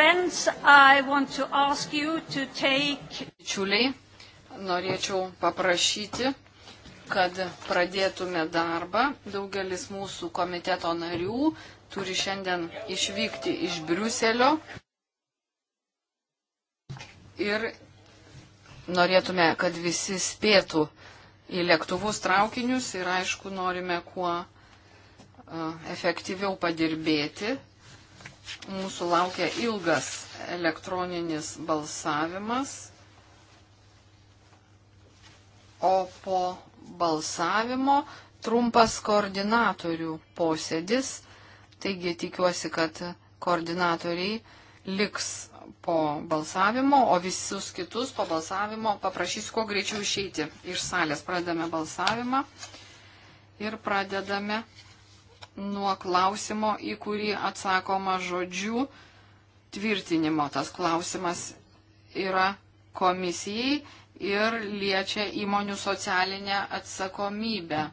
Friends, I want to ask you to take... Čiuliai, norėčiau paprašyti, kad pradėtume darbą. Daugelis mūsų komiteto narių turi šiandien išvykti iš Briuselio. Ir norėtume, kad visi spėtų į lėktuvus traukinius ir aišku, norime kuo e, efektyviau padirbėti Mūsų laukia ilgas elektroninis balsavimas, o po balsavimo trumpas koordinatorių posėdis, taigi tikiuosi, kad koordinatoriai liks po balsavimo, o visus kitus po balsavimo paprašys kuo greičiau išeiti iš salės. Pradedame balsavimą ir pradedame nuo klausimo, į kurį atsakoma žodžiu tvirtinimo. Tas klausimas yra komisijai ir liečia įmonių socialinę atsakomybę.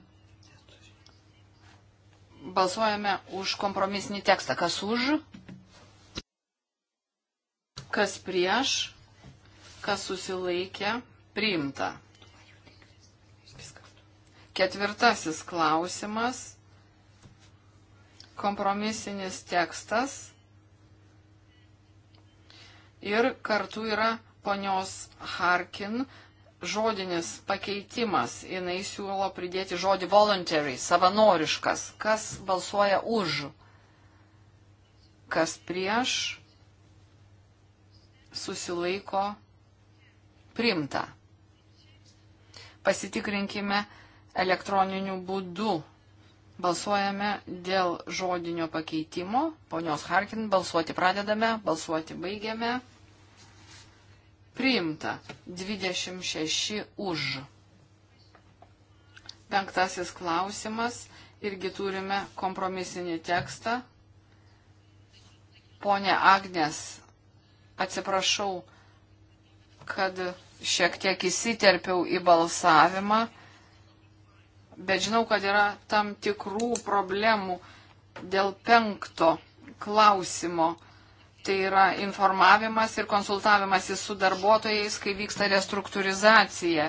Balsuojame už kompromisinį tekstą. Kas už? Kas prieš? Kas susilaikė? Priimta. Ketvirtasis klausimas kompromisinis tekstas ir kartu yra ponios Harkin žodinis pakeitimas. Jis siūlo pridėti žodį voluntary, savanoriškas. Kas balsuoja už, kas prieš, susilaiko primta. Pasitikrinkime elektroniniu būdu Balsuojame dėl žodinio pakeitimo. Ponios Harkin, balsuoti pradedame, balsuoti baigiame. Priimta 26 už. Penktasis klausimas. Irgi turime kompromisinį tekstą. Pone Agnes, atsiprašau, kad šiek tiek įsiterpiau į balsavimą bet žinau, kad yra tam tikrų problemų dėl penkto klausimo. Tai yra informavimas ir konsultavimasis su darbuotojais, kai vyksta restruktūrizacija.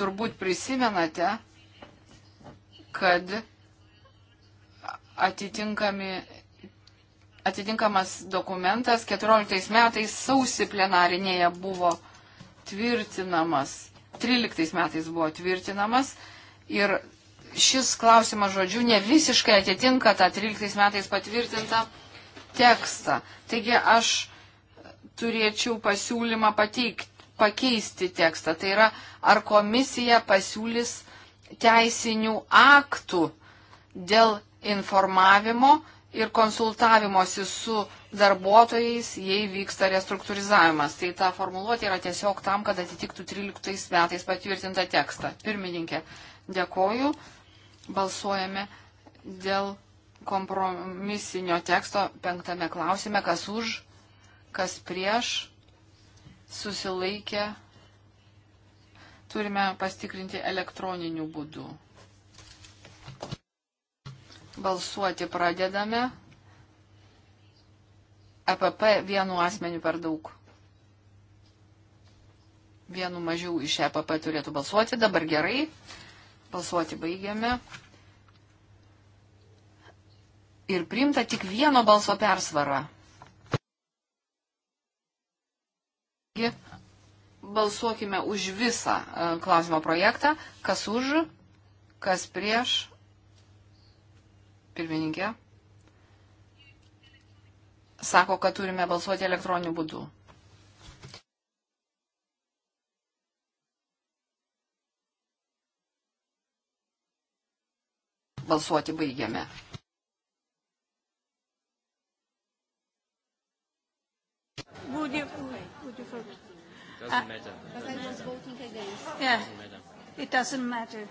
Turbūt prisimenate, kad atitinkamas dokumentas 14 metais sausi plenarinėje buvo tvirtinamas, 13 metais buvo tvirtinamas Ir šis klausimas žodžių ne visiškai atitinka tą 13 metais patvirtintą tekstą. Taigi aš turėčiau pasiūlymą pateikti, pakeisti tekstą. Tai yra, ar komisija pasiūlys teisinių aktų dėl informavimo ir konsultavimosi su darbuotojais, jei vyksta restruktūrizavimas. Tai ta formuluotė yra tiesiog tam, kad atitiktų 13 metais patvirtintą tekstą. Pirmininkė, Dėkoju. Balsuojame dėl kompromisinio teksto penktame klausime, kas už, kas prieš, susilaikė. Turime pastikrinti elektroniniu būdu. Balsuoti pradedame. EPP vienu asmeniu per daug. Vienu mažiau iš EPP turėtų balsuoti. Dabar gerai. Balsuoti baigiame. Ir priimta tik vieno balso persvara. Balsuokime už visą e, klausimo projektą. Kas už, kas prieš. Pirmininkė. Sako, kad turime balsuoti elektroniniu būdu. Balsuoti baigiame. Would you, would you vote? Doesn't uh, matter. But I was voting against. Yeah. Doesn't matter. It doesn't matter.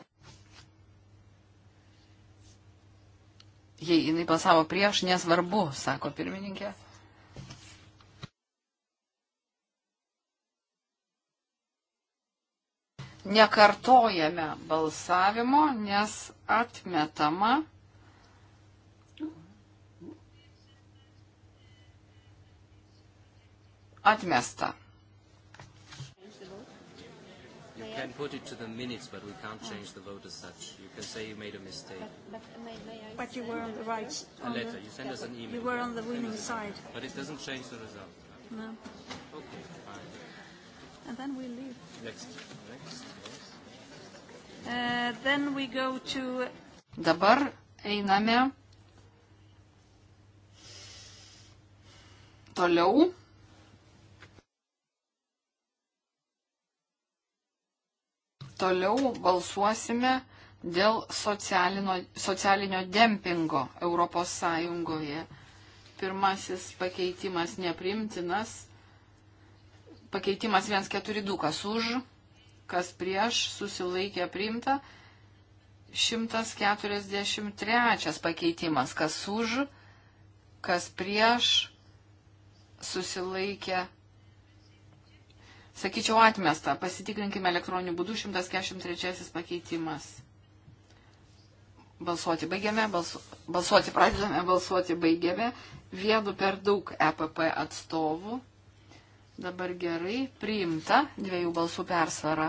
Jei jinai balsavo prieš, nesvarbu, sako pirmininkė. nekartojame balsavimo, nes atmetama. Atmesta. You can put it to the minutes, but we can't change the vote as such. You can say you made a mistake. But, but, may, may I but you were on the right. On a letter. The, you send yeah, us an email. You were on the winning side. But it doesn't change the result. No. Okay, fine. And then we leave. Next. Uh, to... Dabar einame toliau. Toliau balsuosime dėl socialinio, socialinio dempingo Europos Sąjungoje. Pirmasis pakeitimas neprimtinas. Pakeitimas 142 už kas prieš, susilaikė priimta. 143 pakeitimas, kas už, kas prieš, susilaikė. Sakyčiau atmesta, pasitikrinkime elektroniniu būdu 143 pakeitimas. Balsuoti baigiame, balsu, balsuoti pradedame, balsuoti baigiame. Vienu per daug EPP atstovų. Dabar gerai, priimta dviejų balsų persvara.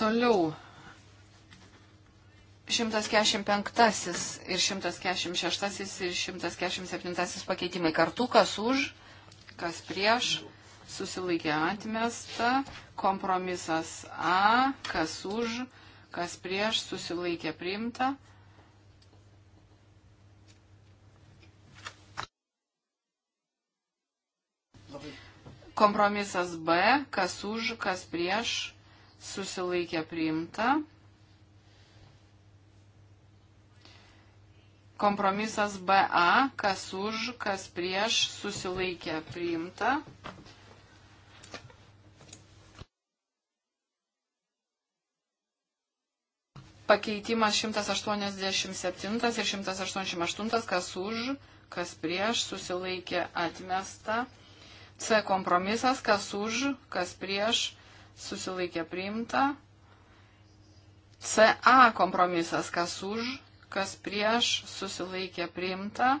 Toliau 145 ir 146 ir 147 pakeitimai kartu, kas už, kas prieš, susilaikė atmesta, kompromisas A, kas už, kas prieš, susilaikė priimta. Kompromisas B, kas už, kas prieš, susilaikė priimta. Kompromisas BA, kas už, kas prieš, susilaikė priimta. Pakeitimas 187 ir 188, kas už, kas prieš, susilaikė atmesta. C kompromisas, kas už, kas prieš, susilaikė priimta. CA kompromisas, kas už, kas prieš, susilaikė priimta.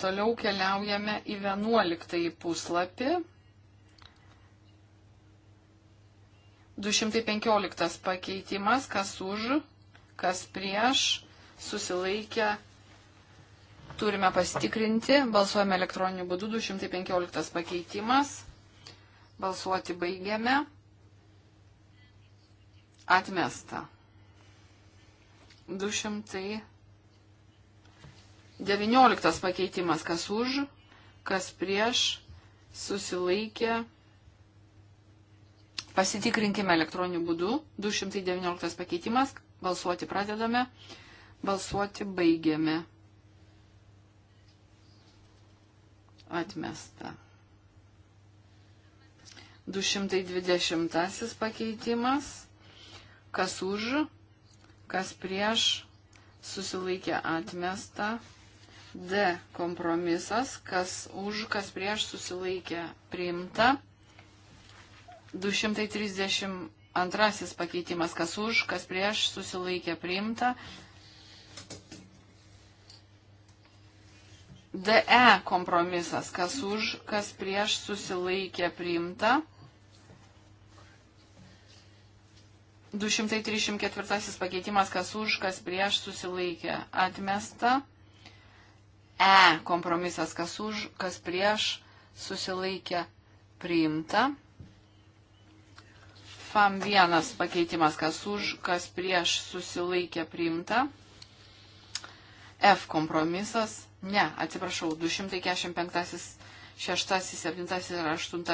Toliau keliaujame į 11 puslapį. 215 pakeitimas, kas už, kas prieš, susilaikė priimta Turime pasitikrinti. Balsuojame elektroniniu būdu. 215 pakeitimas. Balsuoti baigiame. Atmesta. 219 pakeitimas. Kas už, kas prieš, susilaikė. Pasitikrinkime elektroniniu būdu. 219 pakeitimas. Balsuoti pradedame. Balsuoti baigiame. atmesta. 220 pakeitimas, kas už, kas prieš, susilaikė atmesta. D kompromisas, kas už, kas prieš, susilaikė priimta. 232 pakeitimas, kas už, kas prieš, susilaikė priimta. DE kompromisas, kas už, kas prieš susilaikė priimta. 234 pakeitimas, kas už, kas prieš susilaikė atmesta. E kompromisas, kas už, kas prieš susilaikė priimta. FAM vienas pakeitimas, kas už, kas prieš susilaikė priimta. F kompromisas Ne, atsiprašau, 245, 6, 7 ir 8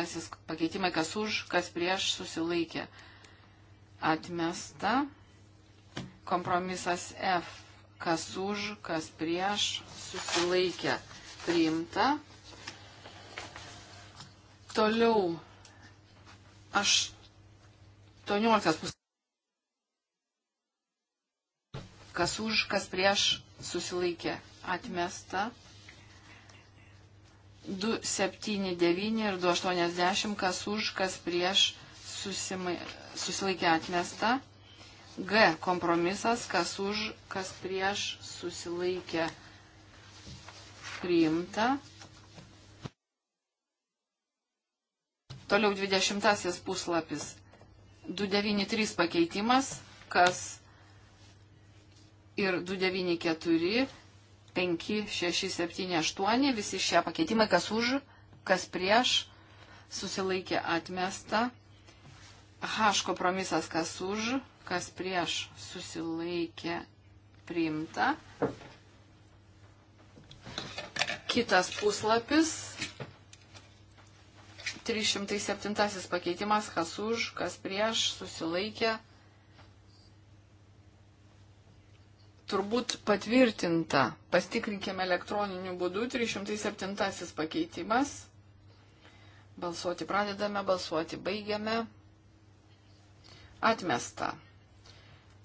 pakeitimai, kas už, kas prieš susilaikė. Atmesta. Kompromisas F. Kas už, kas prieš susilaikė. Priimta. Toliau. Aš 18 pus. Kas už, kas prieš susilaikė atmesta. 279 ir 280, kas už, kas prieš susimai, susilaikė atmesta. G kompromisas, kas už, kas prieš susilaikė priimta. Toliau 20 puslapis. 293 pakeitimas, kas ir 294 5, 6, 7, 8, visi šie pakeitimai, kas už, kas prieš, susilaikė atmesta. H kompromisas, kas už, kas prieš, susilaikė priimta. Kitas puslapis. 307 pakeitimas, kas už, kas prieš, susilaikė priimta turbūt patvirtinta. Pastikrinkime elektroniniu būdu 307 pakeitimas. Balsuoti pradedame, balsuoti baigiame. Atmesta.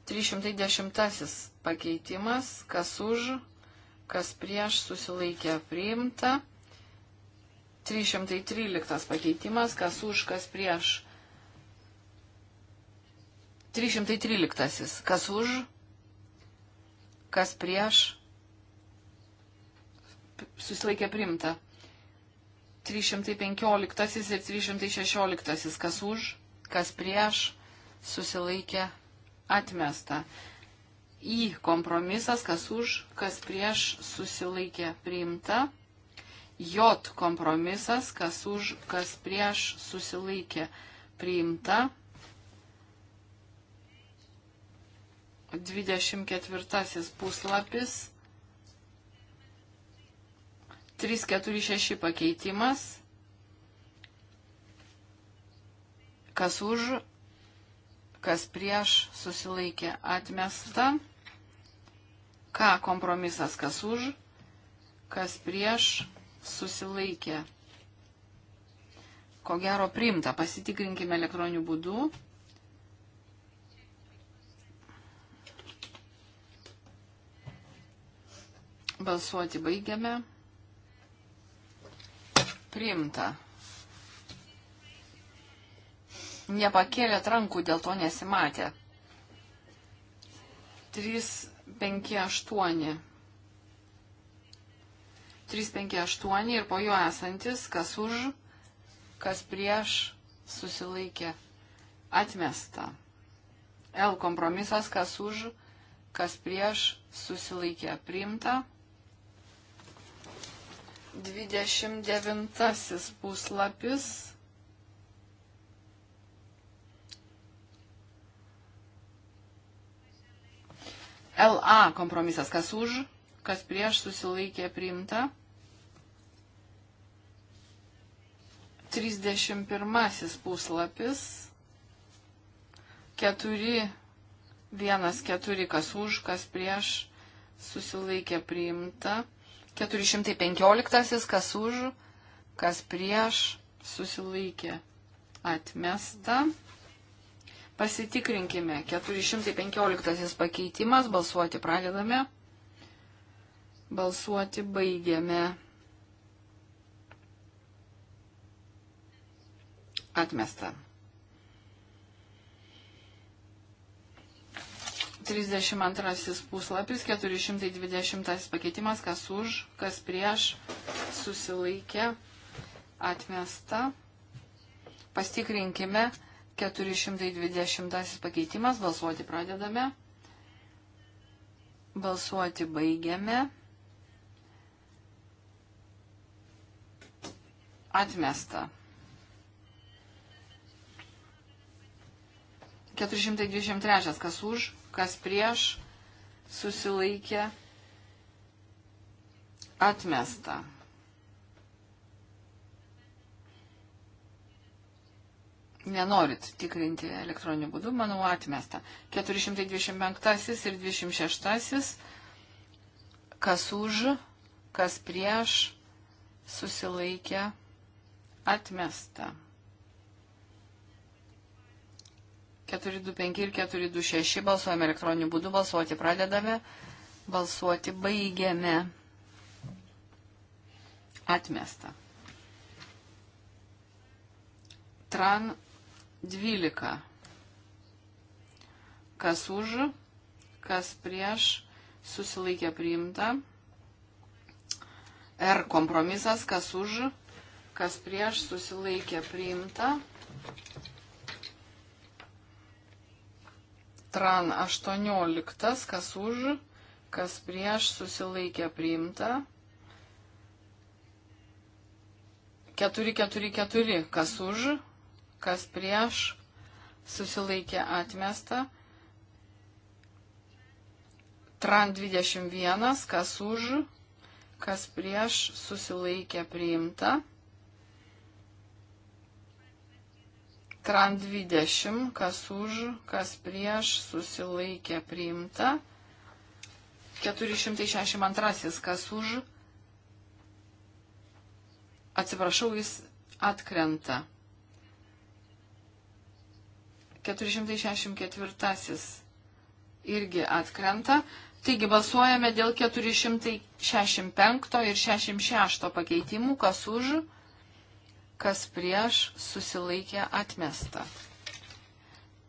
310 pakeitimas, kas už, kas prieš susilaikė priimta. 313 pakeitimas, kas už, kas prieš. 313. Kas už, kas prieš, susilaikė primta. 315 ir 316, kas už, kas prieš, susilaikė atmesta. Į kompromisas, kas už, kas prieš, susilaikė priimta. J kompromisas, kas už, kas prieš, susilaikė priimta. 24 puslapis, 346 pakeitimas, kas už, kas prieš susilaikė atmesta, ką kompromisas, kas už, kas prieš susilaikė. Ko gero priimta, pasitikrinkime elektroniniu būdu. Balsuoti baigiame. Priimta. Nepakėlėt rankų, dėl to nesimatė. 3, 5, 8. 3, 5, 8 ir po jo esantis, kas už, kas prieš, susilaikė. Atmesta. L kompromisas, kas už, kas prieš, susilaikė. Priimta. 29 puslapis. LA kompromisas, kas už, kas prieš susilaikė priimta. 31 puslapis. 4, 1, 4, kas už, kas prieš susilaikė priimta. 415, kas už, kas prieš, susilaikė atmesta. Pasitikrinkime. 415 pakeitimas. Balsuoti pradedame. Balsuoti baigiame. Atmesta. 32 puslapis, 420 pakeitimas, kas už, kas prieš, susilaikė, atmesta. Pastikrinkime, 420 pakeitimas, balsuoti pradedame, balsuoti baigiame, atmesta. 423 kas už, kas prieš, susilaikė, atmesta. Nenorit tikrinti elektroniniu būdu, manau, atmesta. 425 ir 26, kas už, kas prieš, susilaikė, atmesta. 425 ir 426 balsuojame elektroniniu būdu, balsuoti pradedame, balsuoti baigiame. Atmesta. Tran 12. Kas už, kas prieš, susilaikė priimta. R kompromisas, kas už, kas prieš, susilaikė priimta. Tran 18, kas už, kas prieš susilaikė priimta. 444, kas už, kas prieš susilaikė atmesta. Tran 21, kas už, kas prieš susilaikė priimta. Tran 20, kas už, kas prieš, susilaikė priimta. 462, kas už, atsiprašau, jis atkrenta. 464 irgi atkrenta. Taigi balsuojame dėl 465 ir 66 pakeitimų, kas už, kas prieš susilaikė atmesta.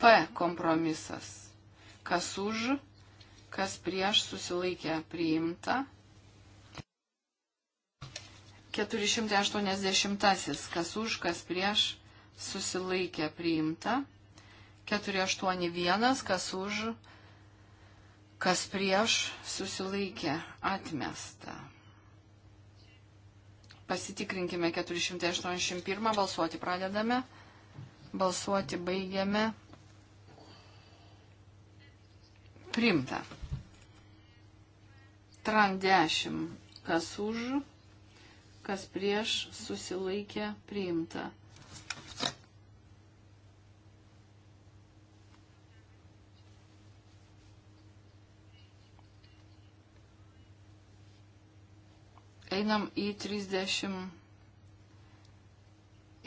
P kompromisas. Kas už, kas prieš susilaikė priimta. 480. Kas už, kas prieš susilaikė priimta. 481. Kas už, kas prieš susilaikė atmesta. Pasitikrinkime 481, balsuoti pradedame, balsuoti baigiame. Primta. Tran 10, kas už, kas prieš, susilaikė, priimta. Einam į 30.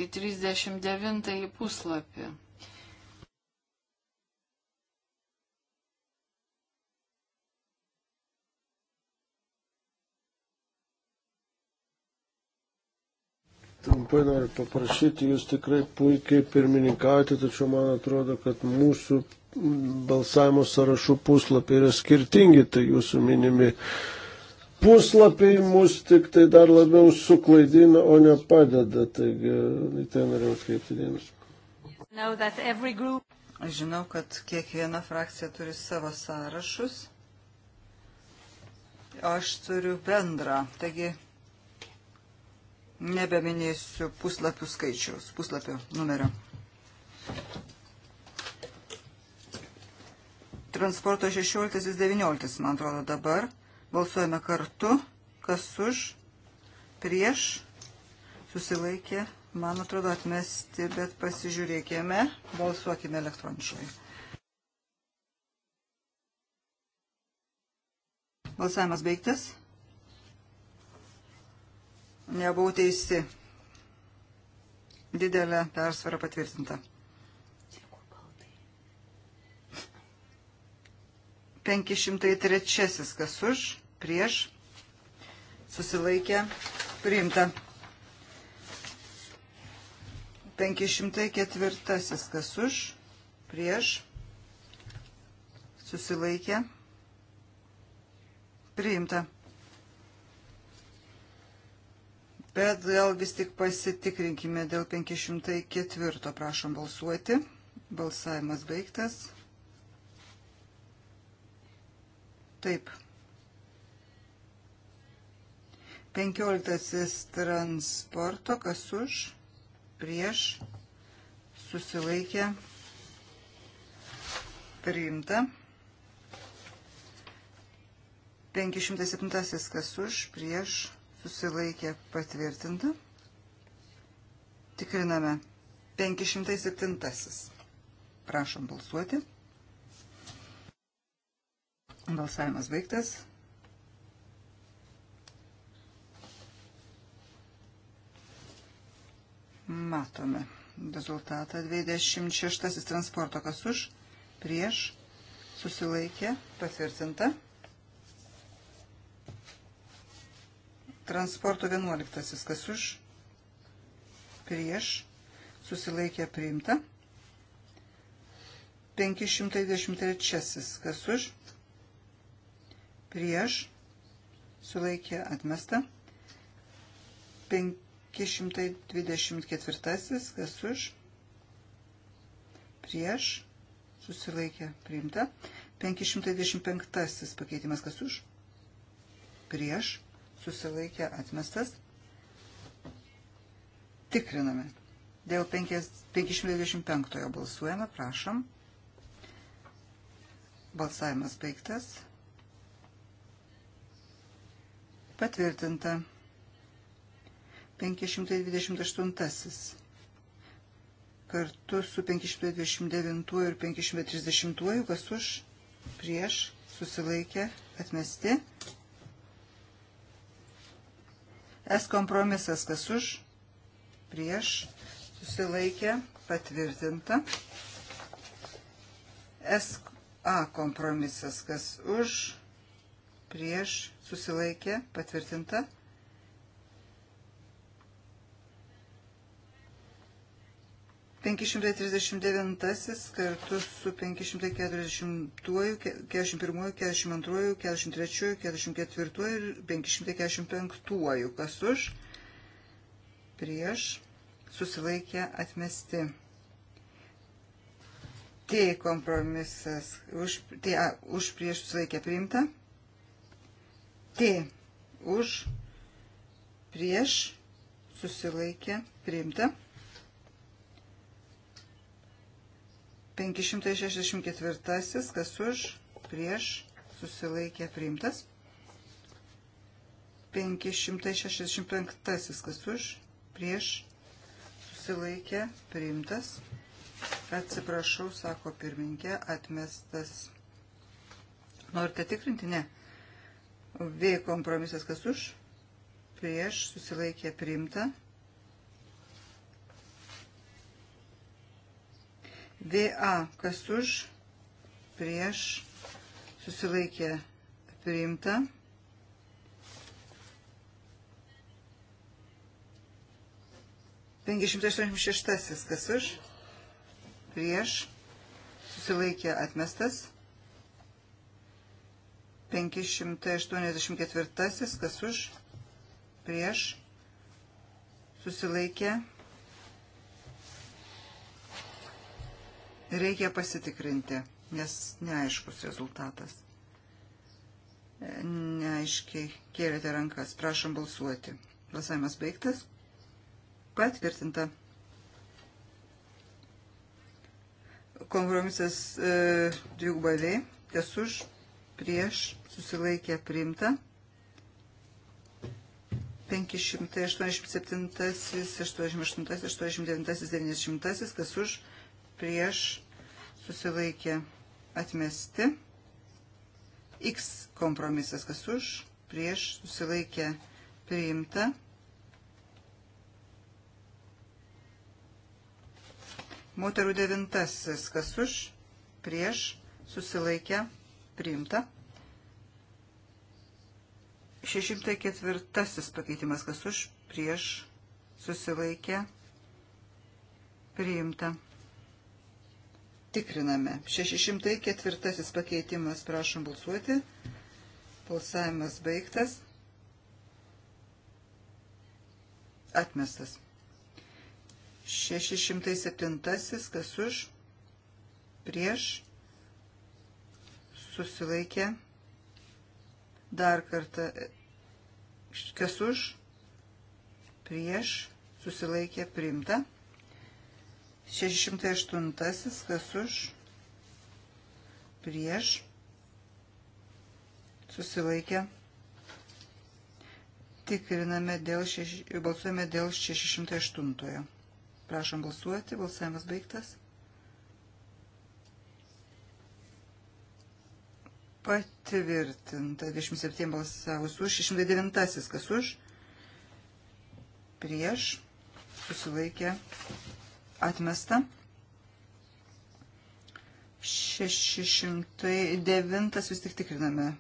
Į 39 puslapį. Trumpai noriu paprašyti, jūs tikrai puikiai pirmininkauti, tačiau man atrodo, kad mūsų balsavimo sąrašų puslapiai yra skirtingi, tai jūsų minimi puslapiai mus tik tai dar labiau suklaidina, o ne padeda. Taigi, į tai norėjau atkreipti dėmesį. Aš žinau, kad kiekviena frakcija turi savo sąrašus. Aš turiu bendrą, taigi nebeminėsiu puslapių skaičiaus, puslapių numerio. Transporto 16-19, man atrodo, dabar. Balsuojame kartu, kas už, prieš, susilaikė, man atrodo, atmesti, bet pasižiūrėkime, balsuokime elektroniškai. Balsavimas baigtas. Nebuvau teisi. Didelė persvara patvirtinta. 503 kas už, prieš, susilaikė, priimta. 504 kas už, prieš, susilaikė, priimta. Bet gal vis tik pasitikrinkime dėl 504, prašom balsuoti. Balsavimas baigtas. Taip. Penkioliktasis transporto, kas už, prieš, susilaikė, priimta. 507 kas už, prieš, susilaikė, patvirtinta. Tikriname. 507. Prašom balsuoti. Balsavimas baigtas. Matome rezultatą. 26 transporto kas už, prieš, susilaikė, patvirtinta. Transporto 11 kas už, prieš, susilaikė, priimta. 523 kas už, prieš, sulaikė atmesta. 5 524, kas už, prieš, susilaikė, priimta. 525 pakeitimas, kas už, prieš, susilaikė, atmestas. Tikriname. Dėl 525 balsuojame, prašom. Balsavimas baigtas. Patvirtinta. 528 kartu su 529 ir 530, kas už, prieš, susilaikė, atmesti. S kompromisas, kas už, prieš, susilaikė, patvirtinta. S A kompromisas, kas už, prieš, susilaikė, patvirtinta. 539 kartu su 540, 41, 42, 43, 44 ir 545, kas už, prieš, susilaikė atmesti. T kompromisas, už, T, a, už prieš susilaikė priimta. T už prieš susilaikė priimta. 564, kas už, prieš, susilaikė priimtas. 565, kas už, prieš, susilaikė priimtas. Atsiprašau, sako pirmininkė, atmestas. Norite tikrinti? Ne. V kompromisas, kas už, prieš, susilaikė priimta. VA, kas už, prieš, susilaikė priimta. Penkišimtai aštuoniasdešimt šeštasis, kas už, prieš, susilaikė atmestas. 584, kas už, prieš, susilaikė, Reikia pasitikrinti, nes neaiškus rezultatas. E, neaiškiai kėlėte rankas. Prašom balsuoti. Balsavimas baigtas. Patvirtinta. Kompromisas e, dvigubai V. Kas už, prieš, susilaikė, priimta. 587, 88, 89, 90, kas už, prieš, susilaikė atmesti. X kompromisas kas už, prieš susilaikė priimta. Moterų devintasis kas už, prieš susilaikė priimta. 604 pakeitimas kas už, prieš susilaikė priimta tikriname. 604 pakeitimas, prašom balsuoti. Balsavimas baigtas. Atmestas. 607, kas už, prieš, susilaikė. Dar kartą, e, kas už, prieš, susilaikė, primta. 608 kas už prieš susilaikę tikriname dėl šeši, balsuojame dėl 608 prašom balsuoti balsavimas baigtas patvirtinta 27 balsavus už 609 kas už prieš susilaikę atmesta. 609 vis tik tikriname.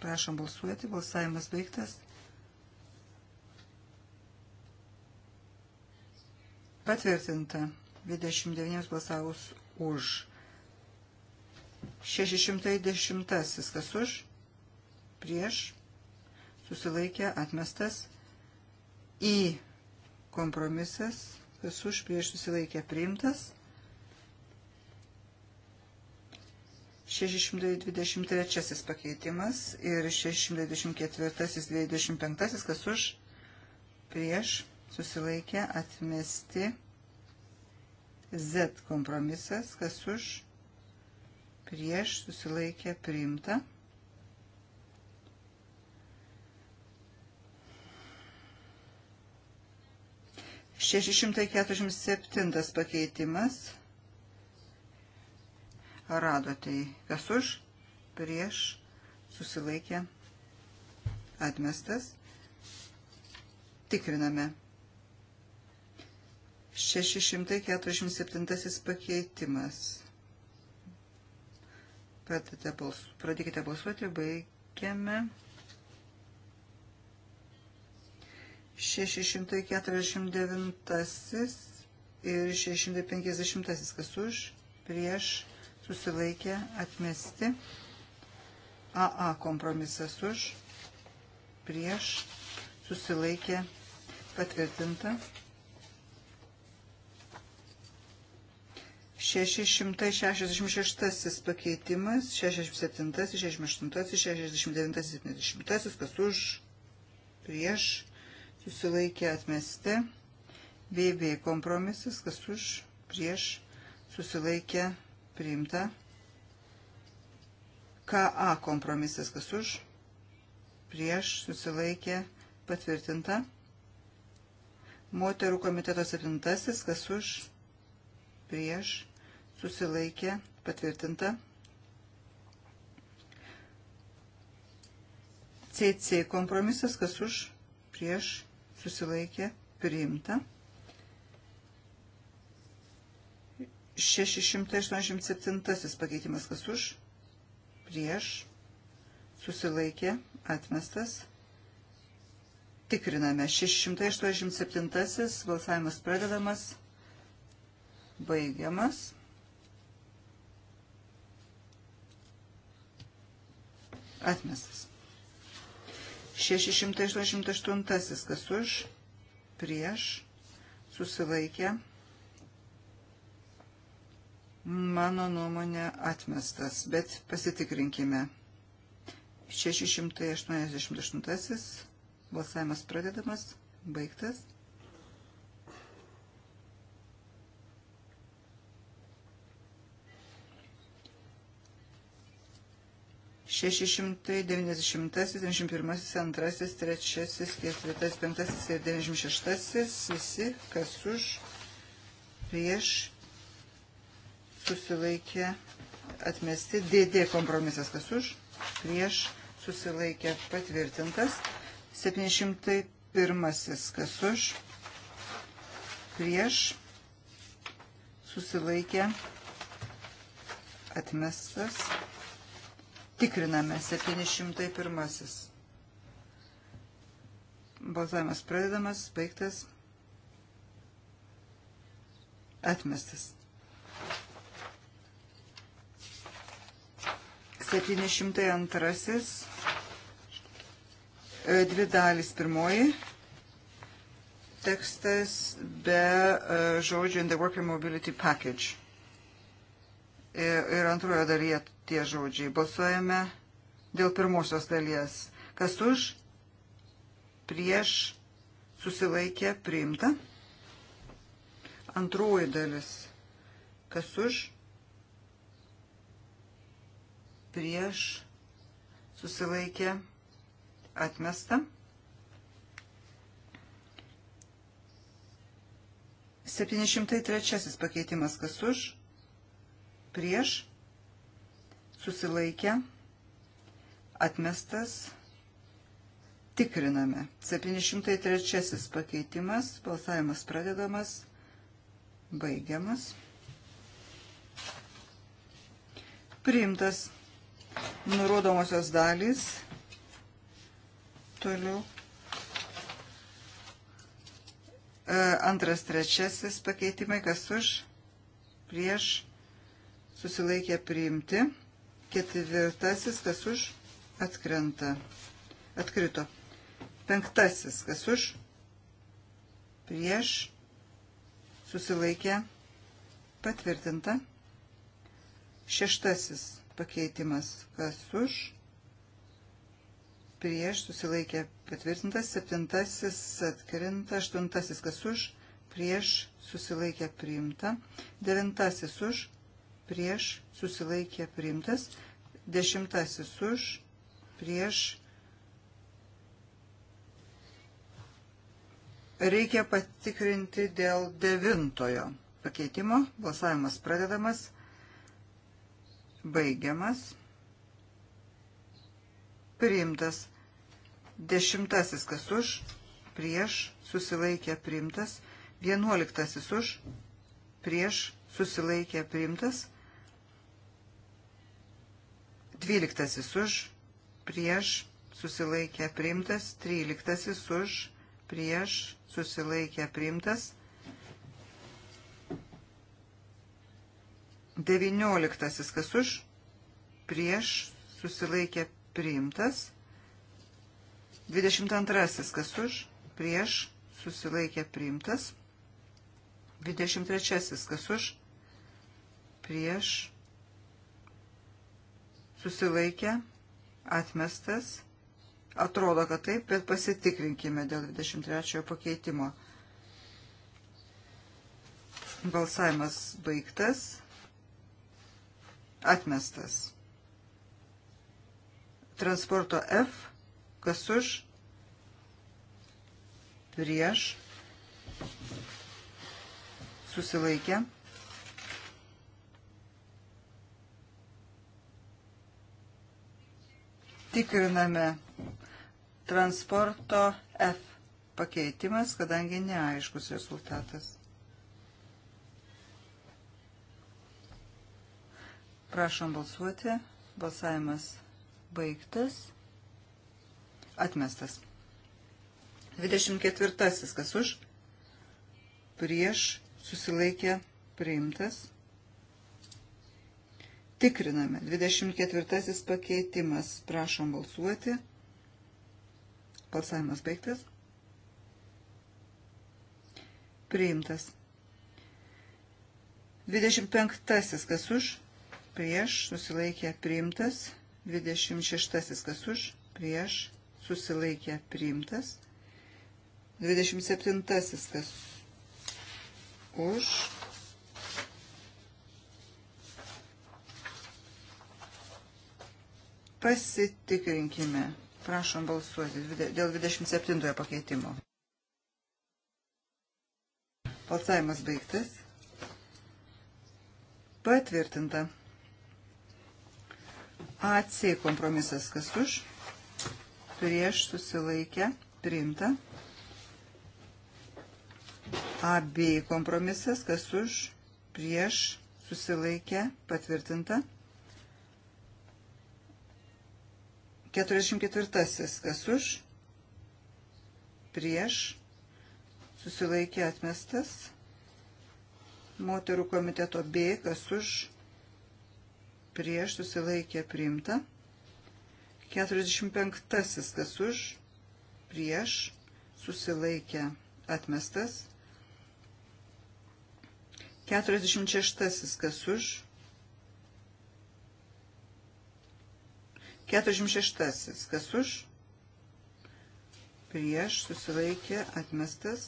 Prašom balsuoti, balsavimas baigtas. Patvirtinta. 29 balsavus už. 610 kas už, prieš, susilaikė, atmestas, į kompromisas, kas už prieš susilaikė priimtas. 623 pakeitimas ir 624-25, kas už prieš susilaikė atmesti Z kompromisas, kas už prieš susilaikė priimta. 647 pakeitimas. Radote jį. Kas už? Prieš. Susilaikė. Atmestas. Tikriname. 647 pakeitimas. Pradėkite balsuoti. Baigiame. 649 ir 650, kas už, prieš, susilaikė, atmesti. AA kompromisas už, prieš, susilaikė, patvirtinta. 666 pakeitimas, 67, 68, 69, 70, kas už, prieš, susilaikė atmesti. BB kompromisas, kas už, prieš, susilaikė priimta. KA kompromisas, kas už, prieš, susilaikė patvirtinta. Moterų komiteto septintasis, kas už, prieš, susilaikė patvirtinta. CC kompromisas, kas už, prieš, susilaikė priimta. 687 pakeitimas kas už, prieš, susilaikė, atmestas. Tikriname. 687 balsavimas pradedamas, baigiamas. Atmestas. 688 kas už, prieš, susilaikė, mano nuomonė atmestas, bet pasitikrinkime. 688 balsavimas pradedamas, baigtas. 690, 91, 2, 3, 4, 5 ir 96, visi, kas už, prieš, susilaikė, atmesti, DD kompromisas, kas už, prieš, susilaikė, patvirtintas, 701, kas už, prieš, susilaikė, atmestas, Tikriname 701. Balsavimas pradedamas, baigtas, atmestas. 702. E, dvi dalys pirmoji. Tekstas be e, žodžių in the worker mobility package. E, ir antrojo dalyje tie žodžiai. Balsuojame dėl pirmosios dalies. Kas už, prieš, susilaikė, priimta. Antroji dalis. Kas už, prieš, susilaikė, atmesta. Septynišimtai trečiasis pakeitimas. Kas už, prieš, susilaikė, atmestas, tikriname. 703 pakeitimas, balsavimas pradedamas, baigiamas. Priimtas nurodomosios dalys, toliau e, antras, trečiasis pakeitimai, kas už, prieš, susilaikė priimti. Ketvirtasis, kas už, atkrenta. Atkrito. Penktasis, kas už, prieš, susilaikė, patvirtinta. Šeštasis pakeitimas, kas už, prieš, susilaikė, patvirtintas. Septintasis, atkrinta. Aštuntasis, kas už, prieš, susilaikė, priimta. Devintasis už, prieš prieš susilaikė priimtas, dešimtasis už prieš reikia patikrinti dėl devintojo pakeitimo. Balsavimas pradedamas, baigiamas, priimtas dešimtasis kas už, prieš, susilaikė priimtas, vienuoliktasis už, prieš, susilaikė priimtas, Dvyliktasis už, prieš, susilaikė priimtas. Tryliktasis už, prieš, susilaikė priimtas. Devynioliktasis kas už, prieš, susilaikė priimtas. Dvidešimt antrasis kas už, prieš, susilaikė priimtas. Dvidešimt trečiasis kas už, prieš, susilaikė priimtas susilaikė, atmestas. Atrodo, kad taip, bet pasitikrinkime dėl 23 pakeitimo. Balsavimas baigtas. Atmestas. Transporto F. Kas už? Prieš. Susilaikė. Susilaikė Tikriname transporto F pakeitimas, kadangi neaiškus rezultatas. Prašom balsuoti. Balsavimas baigtas. Atmestas. 24. Kas už? Prieš susilaikė priimtas. Tikriname. 24 pakeitimas. Prašom balsuoti. Balsavimas baigtas. Priimtas. 25 kas už. Prieš. Susilaikė. Priimtas. 26 kas už. Prieš. Susilaikė. Priimtas. 27 kas už Pasitikrinkime. Prašom balsuoti dėl 27 pakeitimo. Balsavimas baigtas. Patvirtinta. AC kompromisas kas už. Prieš susilaikę. Priimta. AB kompromisas kas už. Prieš susilaikę. Patvirtinta. Patvirtinta. 44. Kas už? Prieš. Susilaikė atmestas. Moterų komiteto B. Kas už? Prieš. Susilaikė priimta. 45. Kas už? Prieš. Susilaikė atmestas. 46. Kas už? 46. Kas už? Prieš susilaikė atmestas.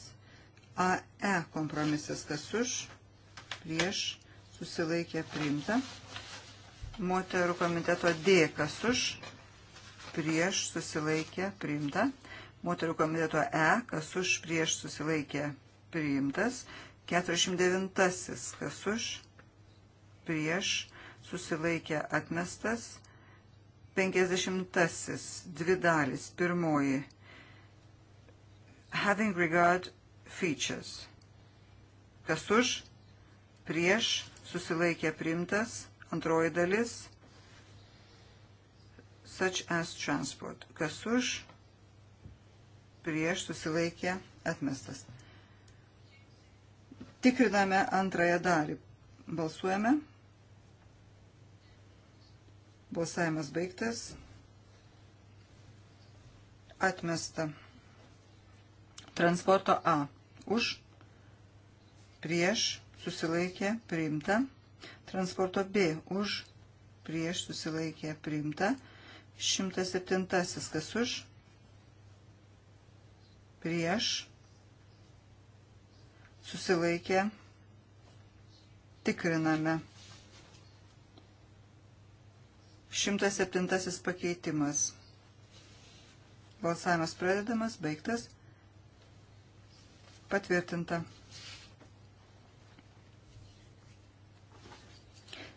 AE kompromisas. Kas už? Prieš susilaikė priimta. Moterų komiteto D. Kas už? Prieš susilaikė priimta. Moterų komiteto E. Kas už? Prieš susilaikė priimtas. 49. Kas už? Prieš susilaikė atmestas. 50. Dvi dalis. Pirmoji. Having regard features. Kas už? Prieš. Susilaikė primtas. Antroji dalis. Such as transport. Kas už? Prieš. Susilaikė atmestas. Tikriname antrąją dalį. Balsuojame. Balsuojame. Balsavimas baigtas. Atmesta. Transporto A. Už. Prieš. Susilaikė. Priimta. Transporto B. Už. Prieš. Susilaikė. Priimta. 107. Kas už? Prieš. Susilaikė. Tikriname. 107 pakeitimas. Balsavimas pradedamas, baigtas. Patvirtinta.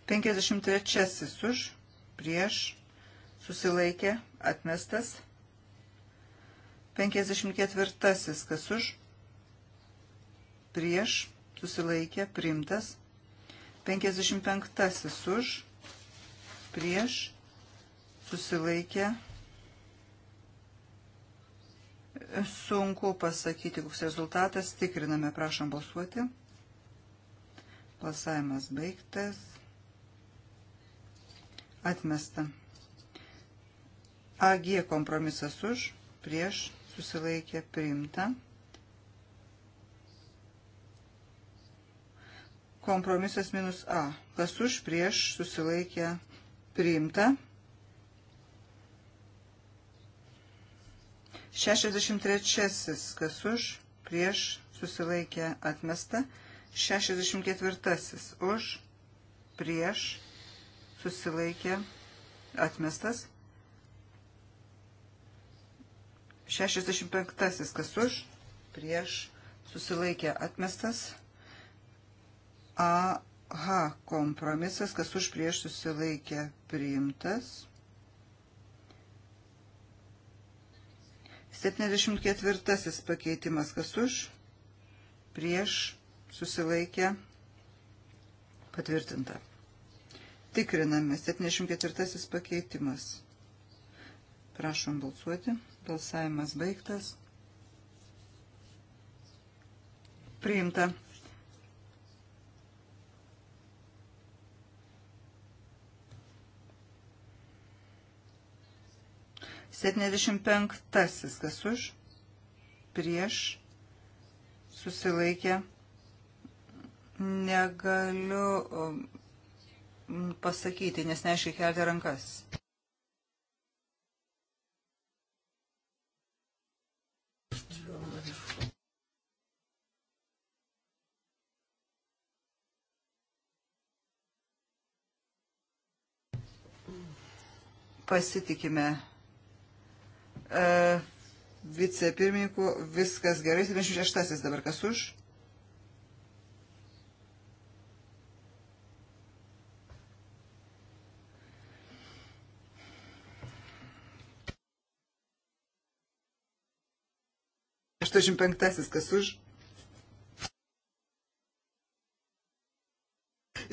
53 už, prieš, susilaikė, atmestas. 54 kas už, prieš, susilaikė, primtas. 55 už, prieš prieš, susilaikė. Sunku pasakyti, koks rezultatas. Tikriname, prašom balsuoti. Balsavimas baigtas. Atmesta. AG kompromisas už, prieš, susilaikė, priimta. kompromisas minus A. Kas už prieš susilaikė priimta. 63. Kas už, prieš, susilaikė, atmesta. 64. Už, prieš, susilaikė, atmestas. 65. Kas už, prieš, susilaikė, atmestas. A H kompromisas, kas už prieš susilaikė priimtas. 74 pakeitimas, kas už prieš susilaikė patvirtinta. Tikriname 74 pakeitimas. Prašom balsuoti. Balsavimas baigtas. Priimta. 75. Kas už? Prieš. Susilaikė. Negaliu um, pasakyti, nes neaiškiai kelti rankas. Pasitikime E, vicepirmininkų viskas gerai. 76 dabar kas už? Aštuošim penktasis kas už?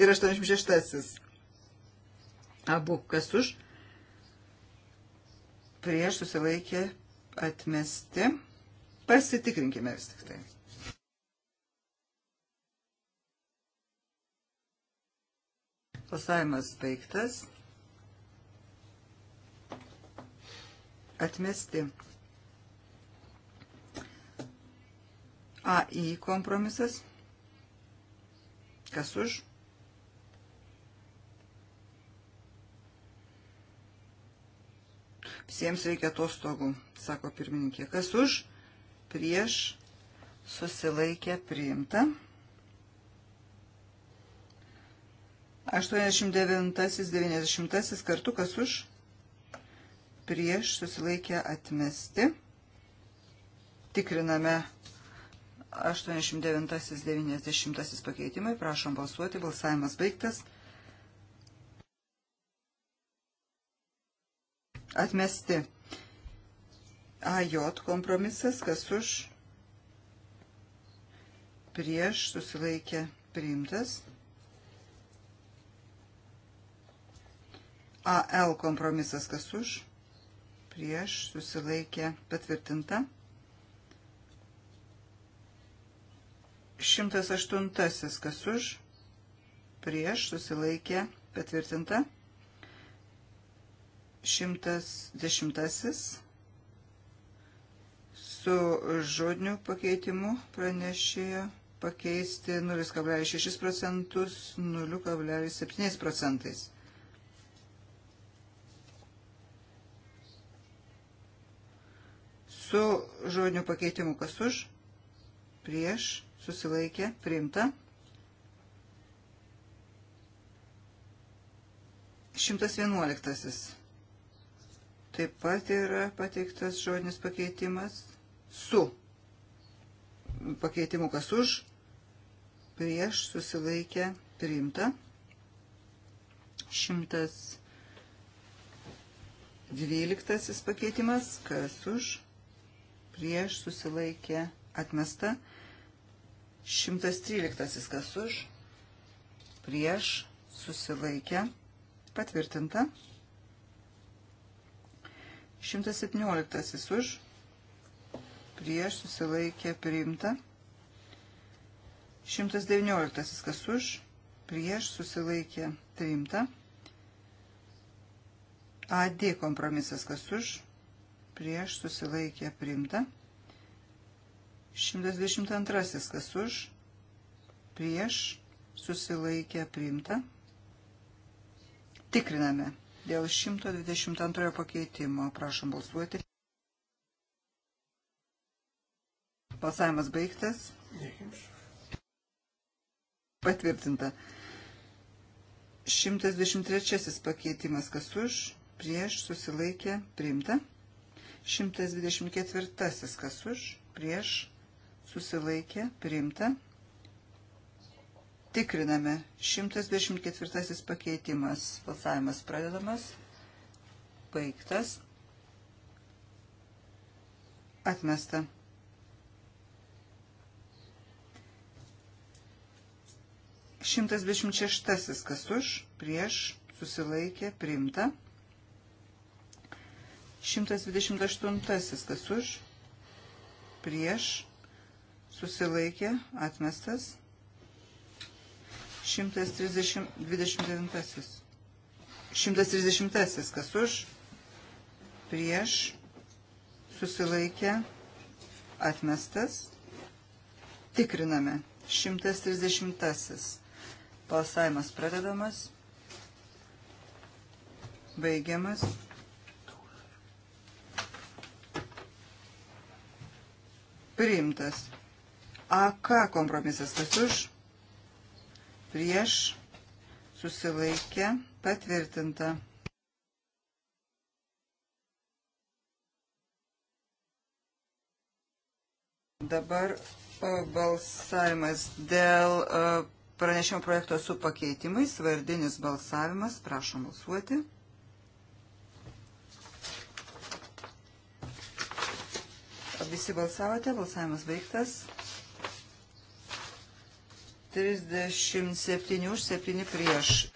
Ir aštuošim šeštasis. Abu kas už? prieš susilaikė atmesti. Pasitikrinkime vis tik tai. Pasavimas baigtas. Atmesti. AI kompromisas. Kas už? visiems reikia atostogų, sako pirmininkė. Kas už, prieš, susilaikė, priimta. 89-90 kartu, kas už, prieš, susilaikė, atmesti. Tikriname 89-90 pakeitimai, prašom balsuoti, balsavimas baigtas. Atmesti. AJ kompromisas, kas už prieš susilaikė priimtas. AL kompromisas, kas už prieš susilaikė patvirtinta. 108 kas už prieš susilaikė patvirtinta. 108. 110 su žodiniu pakeitimu pranešėjo pakeisti 0,6 procentus 0,7 procentais. Su žodiniu pakeitimu kas už, prieš, susilaikė, priimta. 111. Taip pat yra pateiktas žodinis pakeitimas su pakeitimu kas už, prieš susilaikę priimta. 112 pakeitimas kas už, prieš susilaikę atmesta. 113 kas už, prieš susilaikę patvirtinta. 117 už, prieš susilaikė priimta. 119 kas už, prieš susilaikė priimta. AD kompromisas kas už, prieš susilaikė priimta. 122 kas už, prieš susilaikė priimta. Tikriname dėl 122 pakeitimo. Prašom balsuoti. Balsavimas baigtas. Patvirtinta. 123 pakeitimas kas už, prieš, susilaikė, priimta. 124 kas už, prieš, susilaikė, priimta. Tikriname. 124 pakeitimas. Balsavimas pradedamas. Baigtas. Atmesta. Šimtas dvidešimt šeštasis kas už, prieš, susilaikė, priimta. Šimtas dvidešimt aštuntasis kas už, prieš, susilaikė, atmestas. 130, 29. 130. Kas už? Prieš. Susilaikė. Atmestas. Tikriname. 130. Balsavimas pradedamas. Baigiamas. Priimtas. AK kompromisas kas už? prieš, susilaikė, patvirtinta. Dabar balsavimas dėl pranešimo projekto su pakeitimais, vardinis balsavimas, prašom balsuoti. Visi balsavote, balsavimas baigtas. 37 už 7 prieš.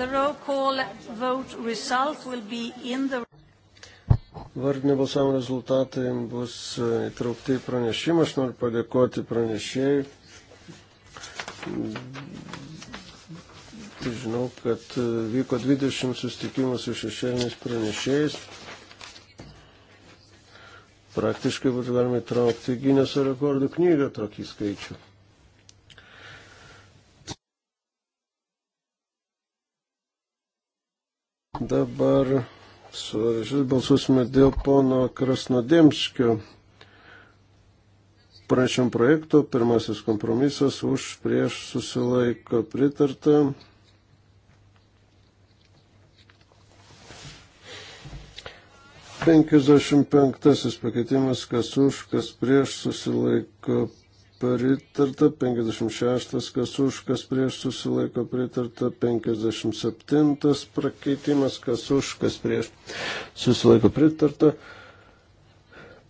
The roll call vote result will be in the... Vardinio balsavimo rezultatai bus įtraukti į pranešimą. Aš noriu padėkoti pranešėjai. Žinau, kad vyko 20 susitikimų su šešėliniais pranešėjais. Praktiškai būtų galima įtraukti Gineso rekordų knygą tokį skaičių. Dabar suvaržys balsuosime dėl pono Krasnodemskio. Prašom projekto, pirmasis kompromisas už prieš susilaiko pritarta. 55 pakeitimas, kas už, kas prieš susilaiko pritarta, 56, kas už, kas prieš susilaiko pritarta, 57 pakeitimas, kas už, kas prieš susilaiko pritarta,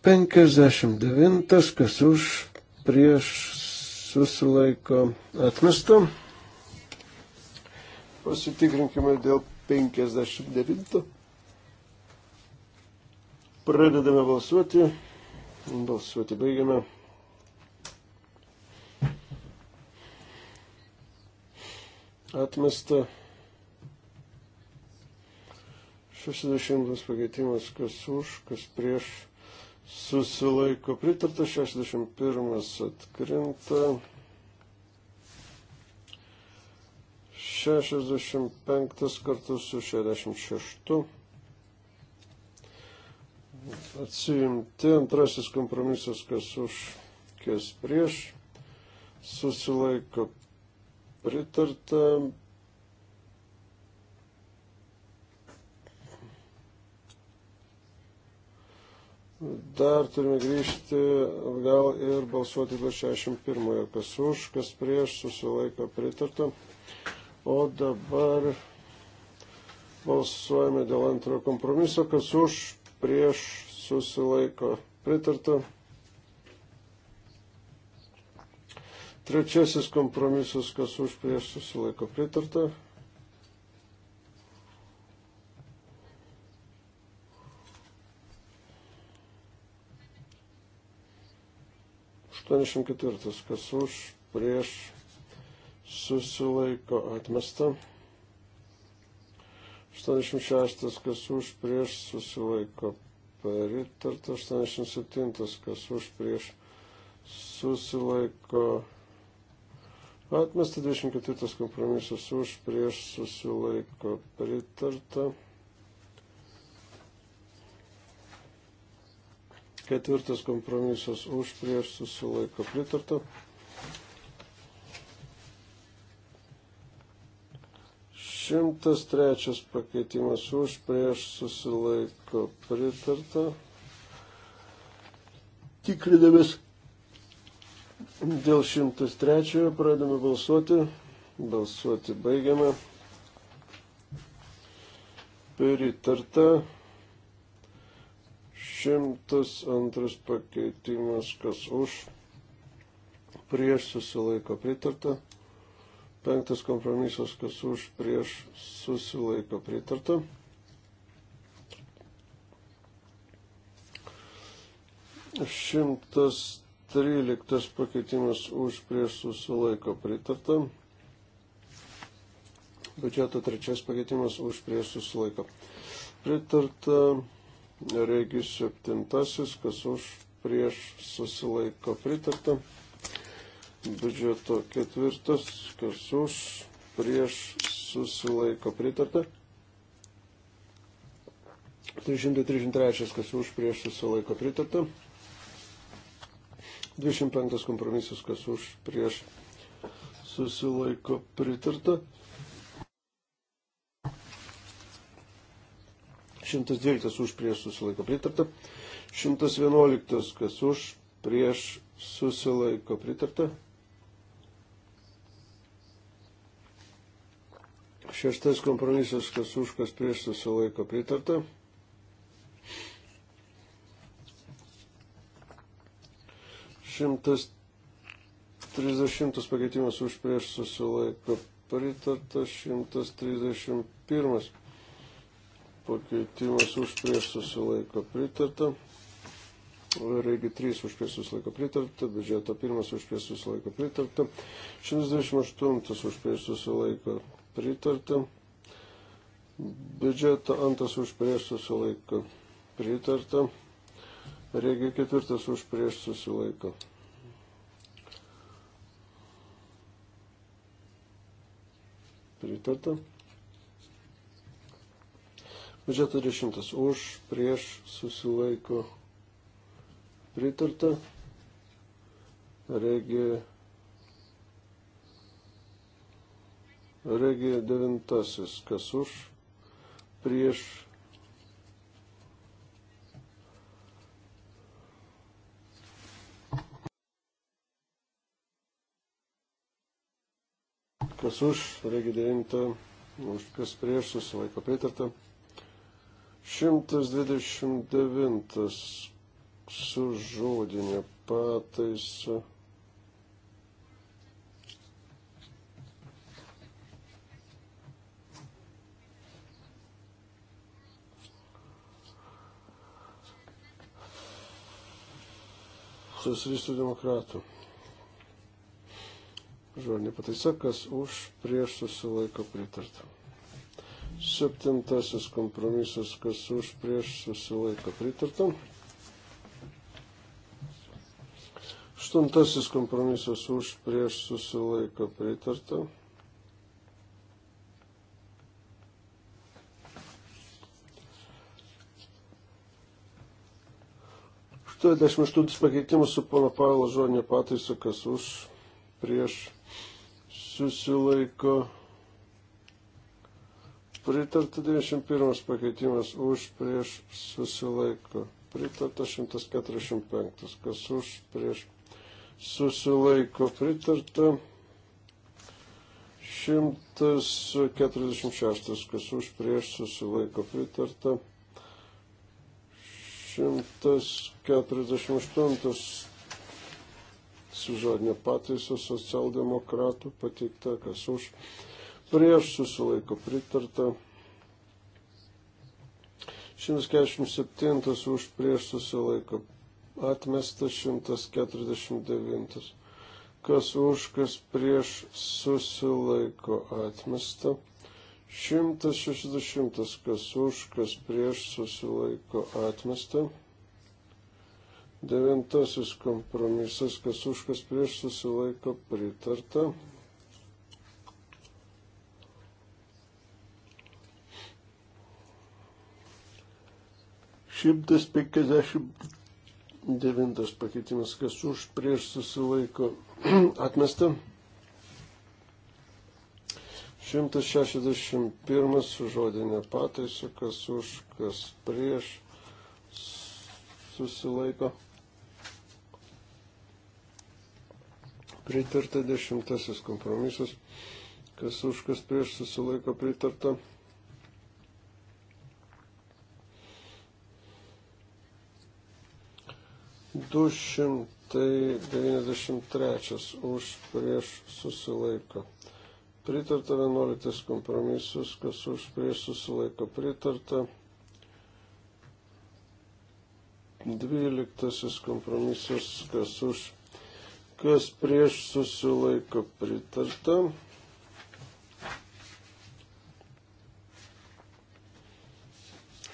59, kas už, prieš susilaiko atmesta. Pasitikrinkime dėl 59. Pradedame balsuoti. Balsuoti baigiame. Atmesta 60 pakeitimas, kas už, kas prieš susilaiko. Pritarta 61 atkrinta. 65 kartu su 66 atsiimti. Antrasis kompromisas, kas už, kas prieš, susilaiko pritarta. Dar turime grįžti atgal ir balsuoti dėl 61-ojo, kas už, kas prieš, susilaiko pritarta. O dabar balsuojame dėl antrojo kompromiso, kas už, prieš susilaiko pritarta. Trečiasis kompromisas, kas už prieš susilaiko pritarta. Aštuoniasdešimt ketvirtas, kas už prieš susilaiko atmesta. 86, kas už prieš susilaiko pritarta, 87, kas už prieš susilaiko atmesta, 24 kompromisas už prieš susilaiko pritarta. Ketvirtas kompromisas už prieš susilaiko pritarta. 103 pakeitimas už prieš susilaiko pritarta. Tikrinamės dėl 103 pradame balsuoti. Balsuoti baigiame. Pritarta. 102 pakeitimas kas už prieš susilaiko pritarta. Penktas kompromisas, kas už prieš susilaiko pritarta. Šimtas tryliktas pakeitimas už prieš susilaiko pritarta. Biudžeto trečias pakeitimas už prieš susilaiko. Pritarta regis septintasis, kas už prieš susilaiko pritarta biudžeto ketvirtas, kas už, prieš susilaiko pritarta. 333, kas už, prieš susilaiko pritarta. 25 kompromisas, kas už, prieš susilaiko pritarta. 112 už prieš susilaiko pritarta. 111 kas už prieš susilaiko pritarta. Šeštas kompromisas, kas už, kas prieš susilaiko pritarta. Šimtas trisdešimtas pakeitimas už prieš susilaiko pritarta. Šimtas trisdešimt pirmas pakeitimas už prieš susilaiko pritarta. Regi 3 už prieš susilaiko pritarta, biudžeto 1 už prieš susilaiko pritarta, 128 už prieš susilaiko pritarta. Biudžeto antras už prieš susilaiko pritarta. Reikia ketvirtas už prieš susilaiko. Pritarta. Biudžeto dešimtas už prieš susilaiko pritarta. Regija Regija devintasis, kas už, prieš. Kas už, regija devinta, už kas prieš, susilaiko pritarta. 129 su žodinė pataisa socialistų demokratų. Žodinė pataisa, kas už, prieš susilaiko pritarta. Septintasis kompromisas, kas už, prieš susilaiko pritarta. Aštuntasis kompromisas už, prieš susilaiko pritarta. 88 pakeitimas su pono Pavilo žodinė pataisa, kas už, prieš, susilaiko. Pritarta 91 pakeitimas už, prieš, susilaiko. Pritarta 145, kas už, prieš, susilaiko. Pritarta 146, kas už, prieš, susilaiko. Pritarta 148 su žodinė pataisa socialdemokratų pateikta, kas už. Prieš susilaiko pritarta. 147 už prieš susilaiko atmestas 149. Kas už, kas prieš susilaiko atmestą. 160, kas už, kas prieš susilaiko atmesta. Devintasis kompromisas, kas už, kas prieš susilaiko pritarta. Šimtas penkiasdešimt devintas pakeitimas, kas už prieš susilaiko atmesta. 161 su žodinė pataisa, kas už, kas prieš susilaiko. Pritarta dešimtasis kompromisas, kas už, kas prieš susilaiko pritarta. Du šimtai devyniasdešimt trečias už prieš susilaiko. Pritarta 11 kompromisus, kas už prieš susilaiko pritarta. 12 kompromisus, kas už kas prieš susilaiko pritarta.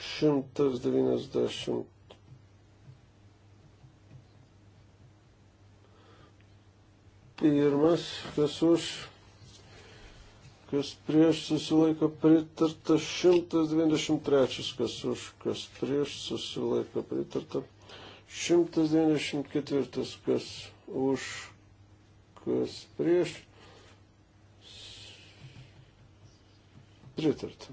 Šimtas devyniasdešimt pirmas, kas už kas prieš susilaiko pritarta, 123, kas už, kas prieš susilaiko pritarta, 194, kas už, kas prieš pritarta.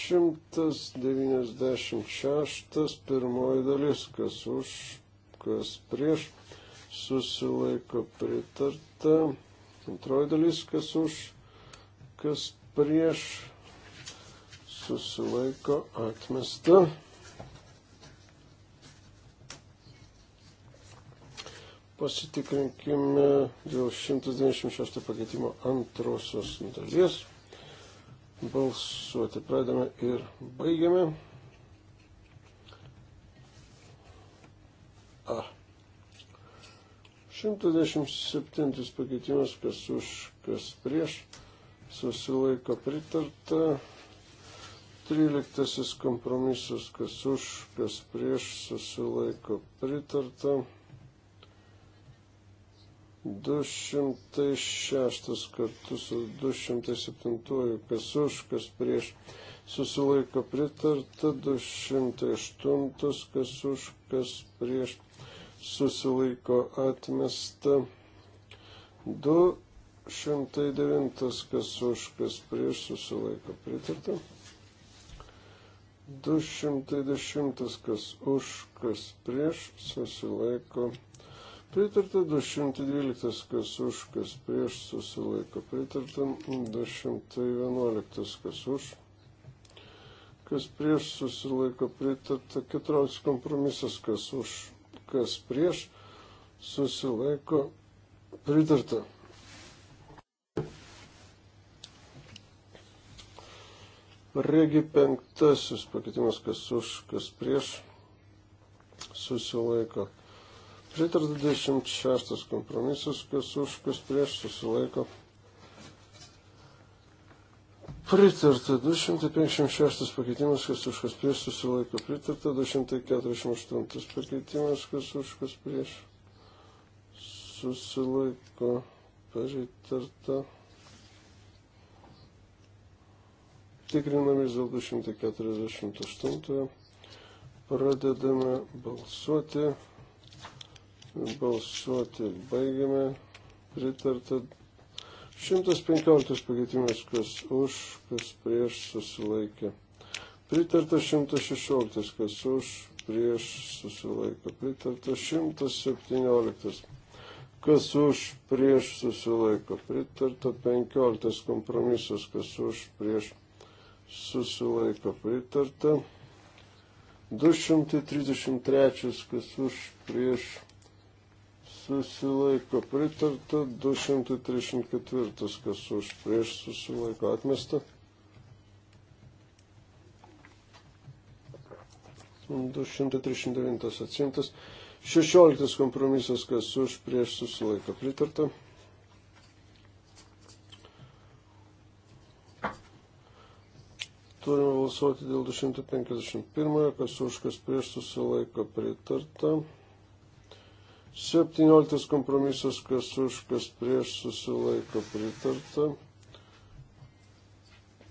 196, pirmoji dalis, kas už, kas prieš susilaiko pritarta. Antroji dalis, kas už, kas prieš, susilaiko atmesta. Pasitikrinkime dėl 196 pakeitimo antrosios dalies. Balsuoti pradame ir baigiame. 117 pakeitimas, kas už, kas prieš, susilaiko pritarta. 13 kompromisas, kas už, kas prieš, susilaiko pritarta. 206 kartu su 207, kas už, kas prieš, susilaiko pritarta. 208, kas už, kas prieš, susilaiko atmesta. 209, kas už, kas prieš, susilaiko pritarta. 210, kas už, kas prieš, susilaiko pritarta. 212, kas už, kas prieš, susilaiko pritarta. 211, kas už, kas prieš, susilaiko pritarta. 14 kompromisas, kas už kas prieš, susilaiko pritarta. Regi penktasis pakeitimas, kas už, kas prieš, susilaiko. Pritarta 26 kompromisas, kas už, kas prieš, susilaiko. Pritarta 256 pakeitimas, kas už kas prieš susilaiko. Pritarta 248 pakeitimas, kas už kas prieš susilaiko. Pritarta. Tikrinamės dėl 248. Pradedame balsuoti. Balsuoti baigiame. Pritarta 115 pakeitimas, kas už, kas prieš susilaikė. Pritarta 116, kas už, prieš susilaiko. Pritarta 117, kas už, prieš susilaiko. Pritarta 15 kompromisas, kas už, prieš susilaiko. Pritarta 233, kas už, prieš susilaiko susilaiko pritarta, 234 kas už prieš susilaiko atmesta. 239 atsimtas. 16 kompromisas, kas už prieš susilaiko pritarta. Turime balsuoti dėl 251, kas už, kas prieš susilaiko pritarta. 17 kompromisas, kas už, kas prieš susilaiko pritarta.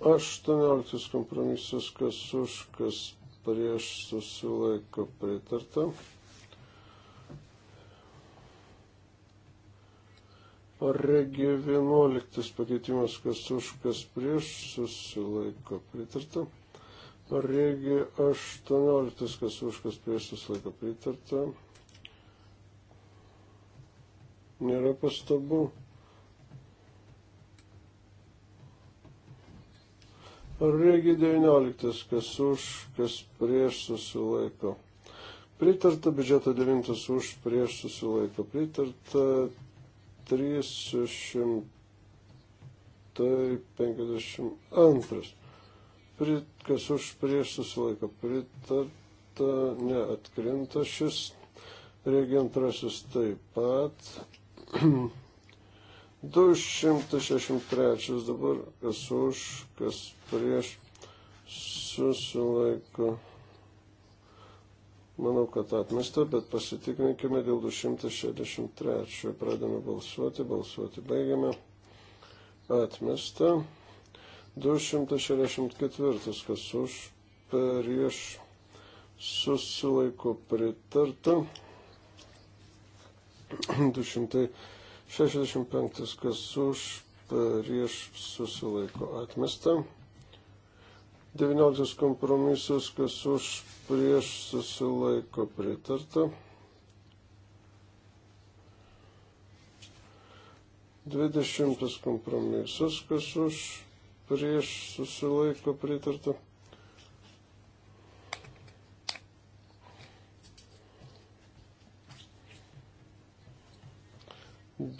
18 kompromisas, kas už, kas prieš susilaiko pritarta. Regija 11 pakeitimas, kas už, kas prieš susilaiko pritarta. Regija 18, kas už, kas prieš susilaiko pritarta. Nėra pastabų. Ar regi 19, kas už, kas prieš susilaiko. Pritarta biudžeto 9 už, prieš susilaiko. Pritarta 352. Prit, kas už, prieš susilaiko. Pritarta, ne, atkrinta šis. Regi antrasis taip pat. 263 dabar, kas už, kas prieš, susilaiko. Manau, kad atmesta, bet pasitikrinkime dėl 263. Pradame balsuoti, balsuoti baigiame. Atmesta. 264. Kas už, prieš, susilaiko pritarta. 265, kas už, prieš susilaiko atmesta. 19 kompromisas, kas už, prieš susilaiko pritarta. 20 kompromisas, kas už, prieš susilaiko pritarta. 287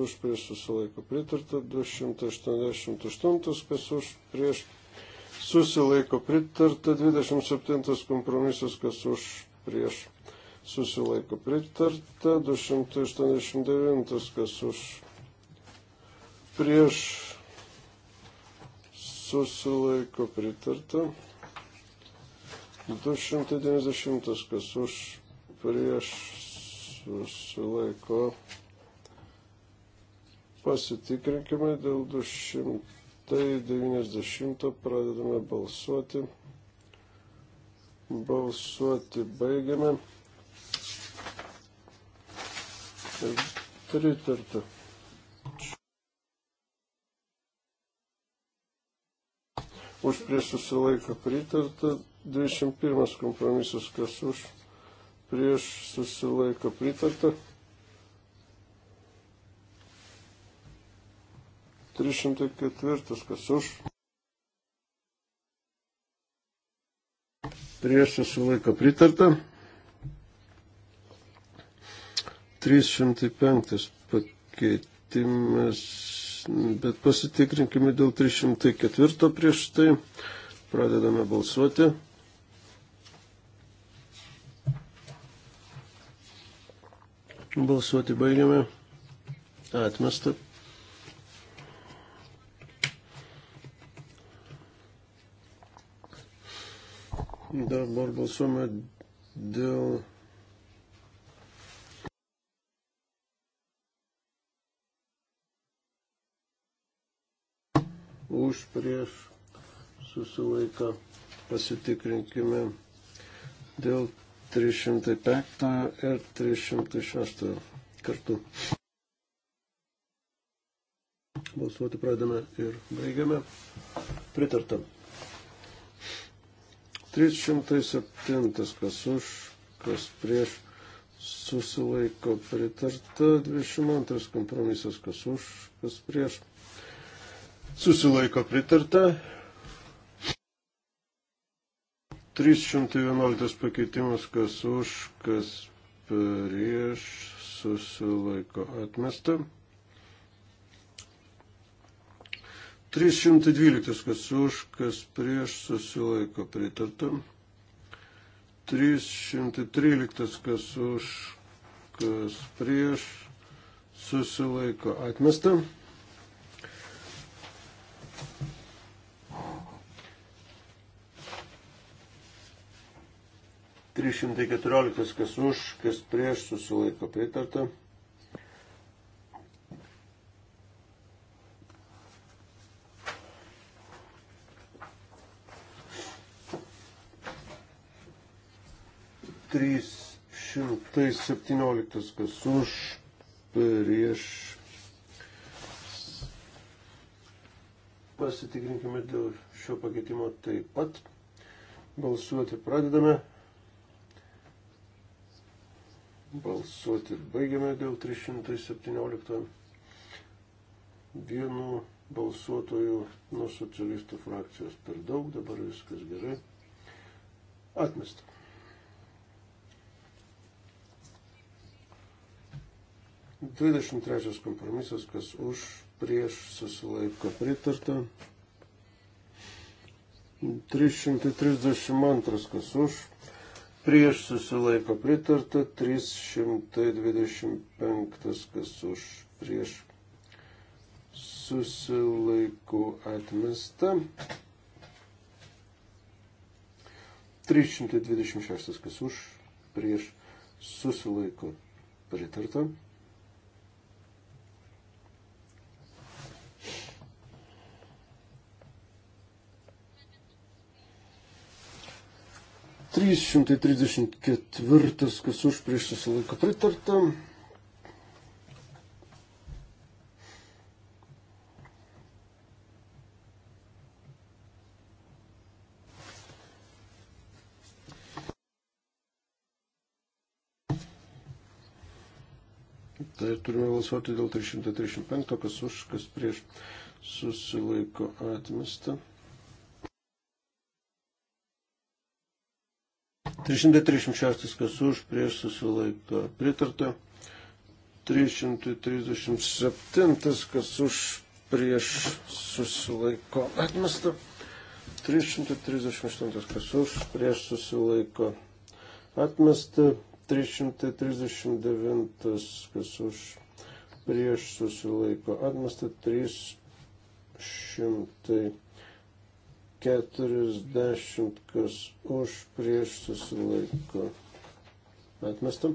už prieš susilaiko pritarta, 288 kas už prieš susilaiko pritarta, 27 kompromisas kas už prieš susilaiko pritarta, 289 kas už prieš susilaiko pritarta, 290 kas už prieš susilaiko. Pasitikrinkime dėl 290, pradedame balsuoti. Balsuoti baigiame. Ir pritarta. Už prieš susilaiką pritarta. 21 kompromisas, kas už prieš susilaiko pritarta. 304 kas už. Prieš susilaiko pritarta. 305 pakeitimas, bet pasitikrinkime dėl 304 prieš tai. Pradedame balsuoti. Balsuoti baigiame. Atmesta. Dabar balsuojame dėl. Už prieš susilaiką pasitikrinkime dėl 305 ir 306 kartu. Balsuoti pradame ir baigiame. Pritarta. 307 kas už, kas prieš susilaiko pritarta. 22 kompromisas kas už, kas prieš susilaiko pritarta. 311 pakeitimas, kas už, kas prieš, susilaiko atmesta. 312, kas už, kas prieš, susilaiko pritarta. 313, kas už, kas prieš, susilaiko atmesta. 314, kas už, kas prieš, susilaiko pritarta. Trys šimtai septynioliktas, kas už, prieš. Pasitikrinkime dėl šio pakeitimo taip pat. Balsuoti pradedame. Balsuoti baigiame dėl 317 vienu balsuotojų nuo socialistų frakcijos per daug, dabar viskas gerai. Atmesta. Dvidešimt trečias kompromisas, kas už, prieš, susilaiko pritarta. 332, kas už, prieš susilaiko pritarta, 325 kas už prieš susilaiko atmesta. 326 kas už prieš susilaiko pritarta. 334, kas už prieš susilaiko pritarta. Tai turime balsuoti dėl 335, kas už, kas prieš susilaiko atmestą. 336 kas už, prieš susilaiko pritarta. 337 kas už, prieš susilaiko atmesta. 338 kas už, prieš susilaiko atmesta. 339 kas už, prieš susilaiko atmesta. 300. 40, kas už prieš susilaiko atmestam.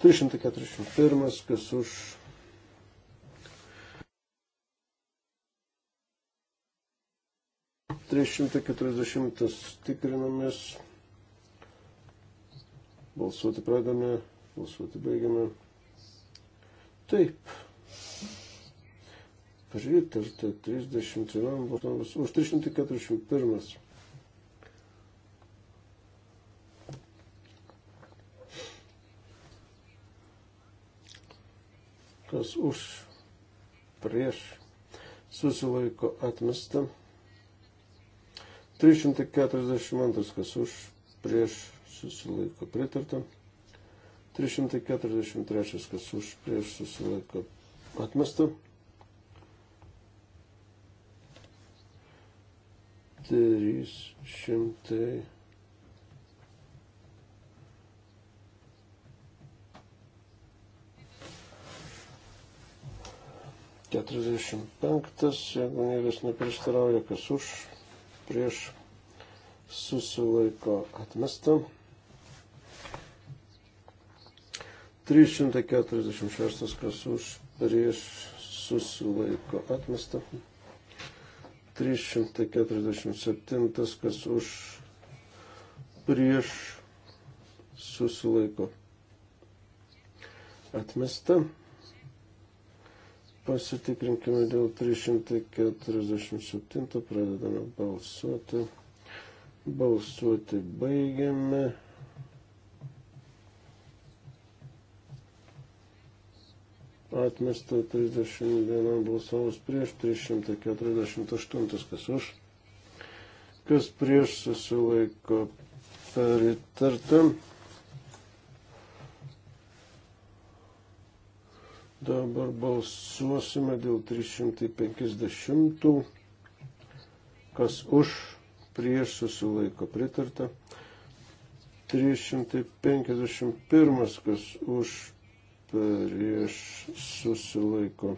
341, kas už Trys šimtai keturiasdešimtas tikrinamės, balsuoti pradame, balsuoti baigiame. Taip, pritarta 31 balsams už 341. Kas už prieš susilaiko atmesta. 342 kas už prieš susilaiko pritarta. 343 kas už prieš susilaiko atmesta. trys šimtai. Keturiasdešimt penktas, jeigu niekas neprieštarauja, kas už, prieš susilaiko atmestą. 346 kas už, prieš susilaiko atmestą. 347, kas už prieš susilaiko. Atmesta. Pasitikrinkime dėl 347, pradedame balsuoti. Balsuoti baigiame. atmesta 31 balsavus prieš 348, kas už, kas prieš susilaiko peritarta. Dabar balsuosime dėl 350, kas už, prieš susilaiko pritarta. 351, kas už prieš susilaiko.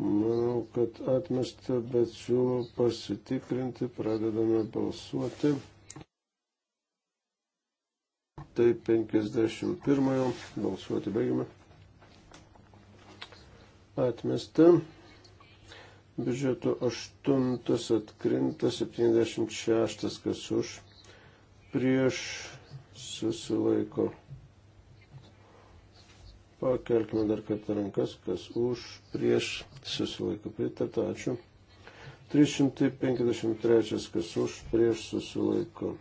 Manau, kad atmesta, bet siūlau pasitikrinti, pradedame balsuoti. Tai 51 balsuoti baigime. Atmesta. Biudžeto 8 atkrinta, 76 kas už. Prieš susilaiko Pakelkime dar kartą rankas, kas už, prieš, susilaiko pritarta, ačiū. 353, kas už, prieš, susilaiko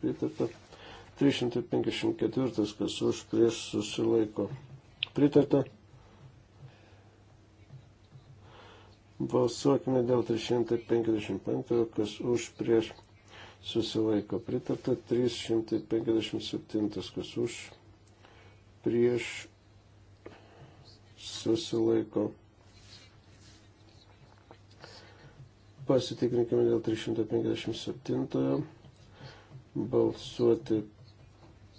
pritarta. 354, kas už, prieš, susilaiko pritarta. Balsuokime dėl 355, kas už, prieš, susilaiko pritarta. 357, kas už, prieš, susilaiko. Pasitikrinkime dėl 357. Balsuoti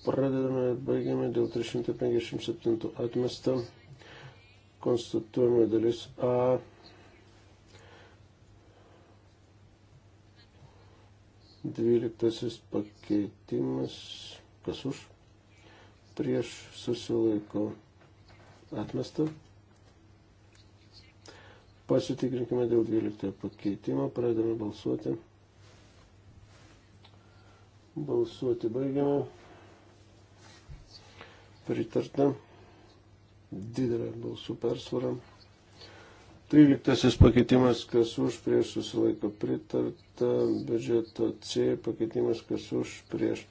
pradedame, baigiame dėl 357 atmestą. Konstatuojame dalis A. Dvyliktasis pakeitimas. Kas už? Prieš susilaiko atmesta. Pasitikrinkime dėl 12 pakeitimo, pradedame balsuoti. Balsuoti baigiame. Pritarta. Didelė balsų persvara. 13 pakeitimas, kas už, prieš susilaiko pritarta. Biudžeto C pakeitimas, kas už, prieš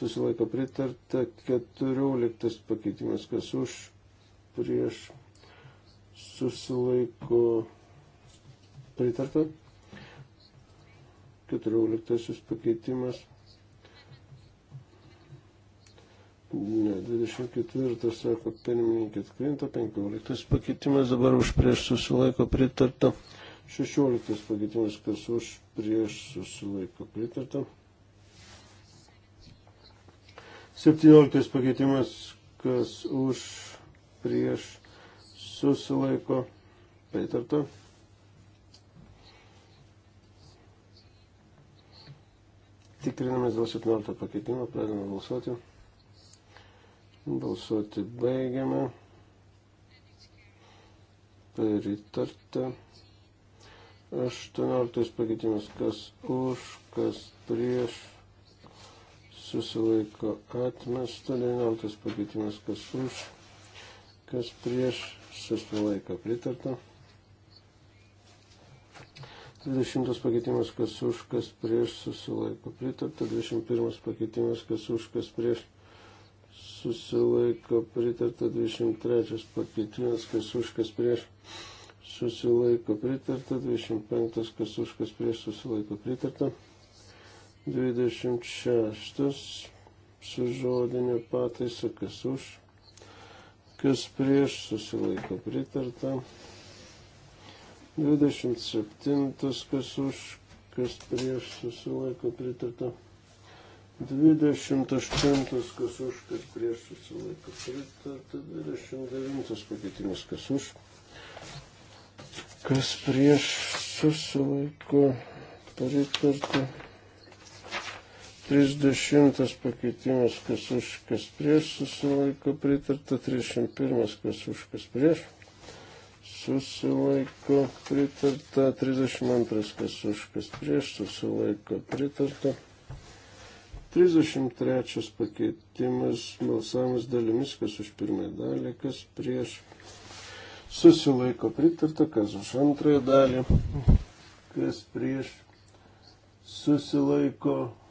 susilaiko pritarta. 14 pakeitimas, kas už, prieš susilaiko pritarta. 14 pakeitimas. Ne, 24 sako pirmininkė atkrinta, 15 pakeitimas dabar už prieš susilaiko pritarta. 16 pakeitimas, kas už prieš susilaiko pritarta. 17 pakeitimas, kas už prieš susilaiko pritarta. Tikrinamės dėl 17 pakeitimo, pradedame balsuoti. Balsuoti baigiame. Pritarta. 18 pakeitimas, kas už, kas prieš, susilaiko atmesta, 19 pakeitimas, kas už, kas prieš, susilaiko pritarta. 20 pakeitimas, kas už, kas prieš, susilaiko pritarta. 21 pakeitimas, kas už, kas prieš, susilaiko pritarta. 23 pakeitimas, kas už, kas prieš, susilaiko pritarta. 25 kas už, kas prieš, susilaiko pritarta. 26 su žodinė pataisa, kas už, kas prieš susilaiko pritarta. 27, kas už, kas prieš susilaiko pritarta. 28, kas už, kas prieš susilaiko pritarta. 29, pakeitimas, kas už, kas prieš susilaiko pritarta. 30 pakeitimas, kas už, kas prieš, susilaiko pritarta, 31, kas už, kas prieš, susilaiko pritarta, 32, kas už, kas prieš, susilaiko pritarta, 33 pakeitimas, balsavimas dalimis, kas už pirmąją dalį, kas prieš, susilaiko pritarta, kas už antrąją dalį, kas prieš, susilaiko pritarta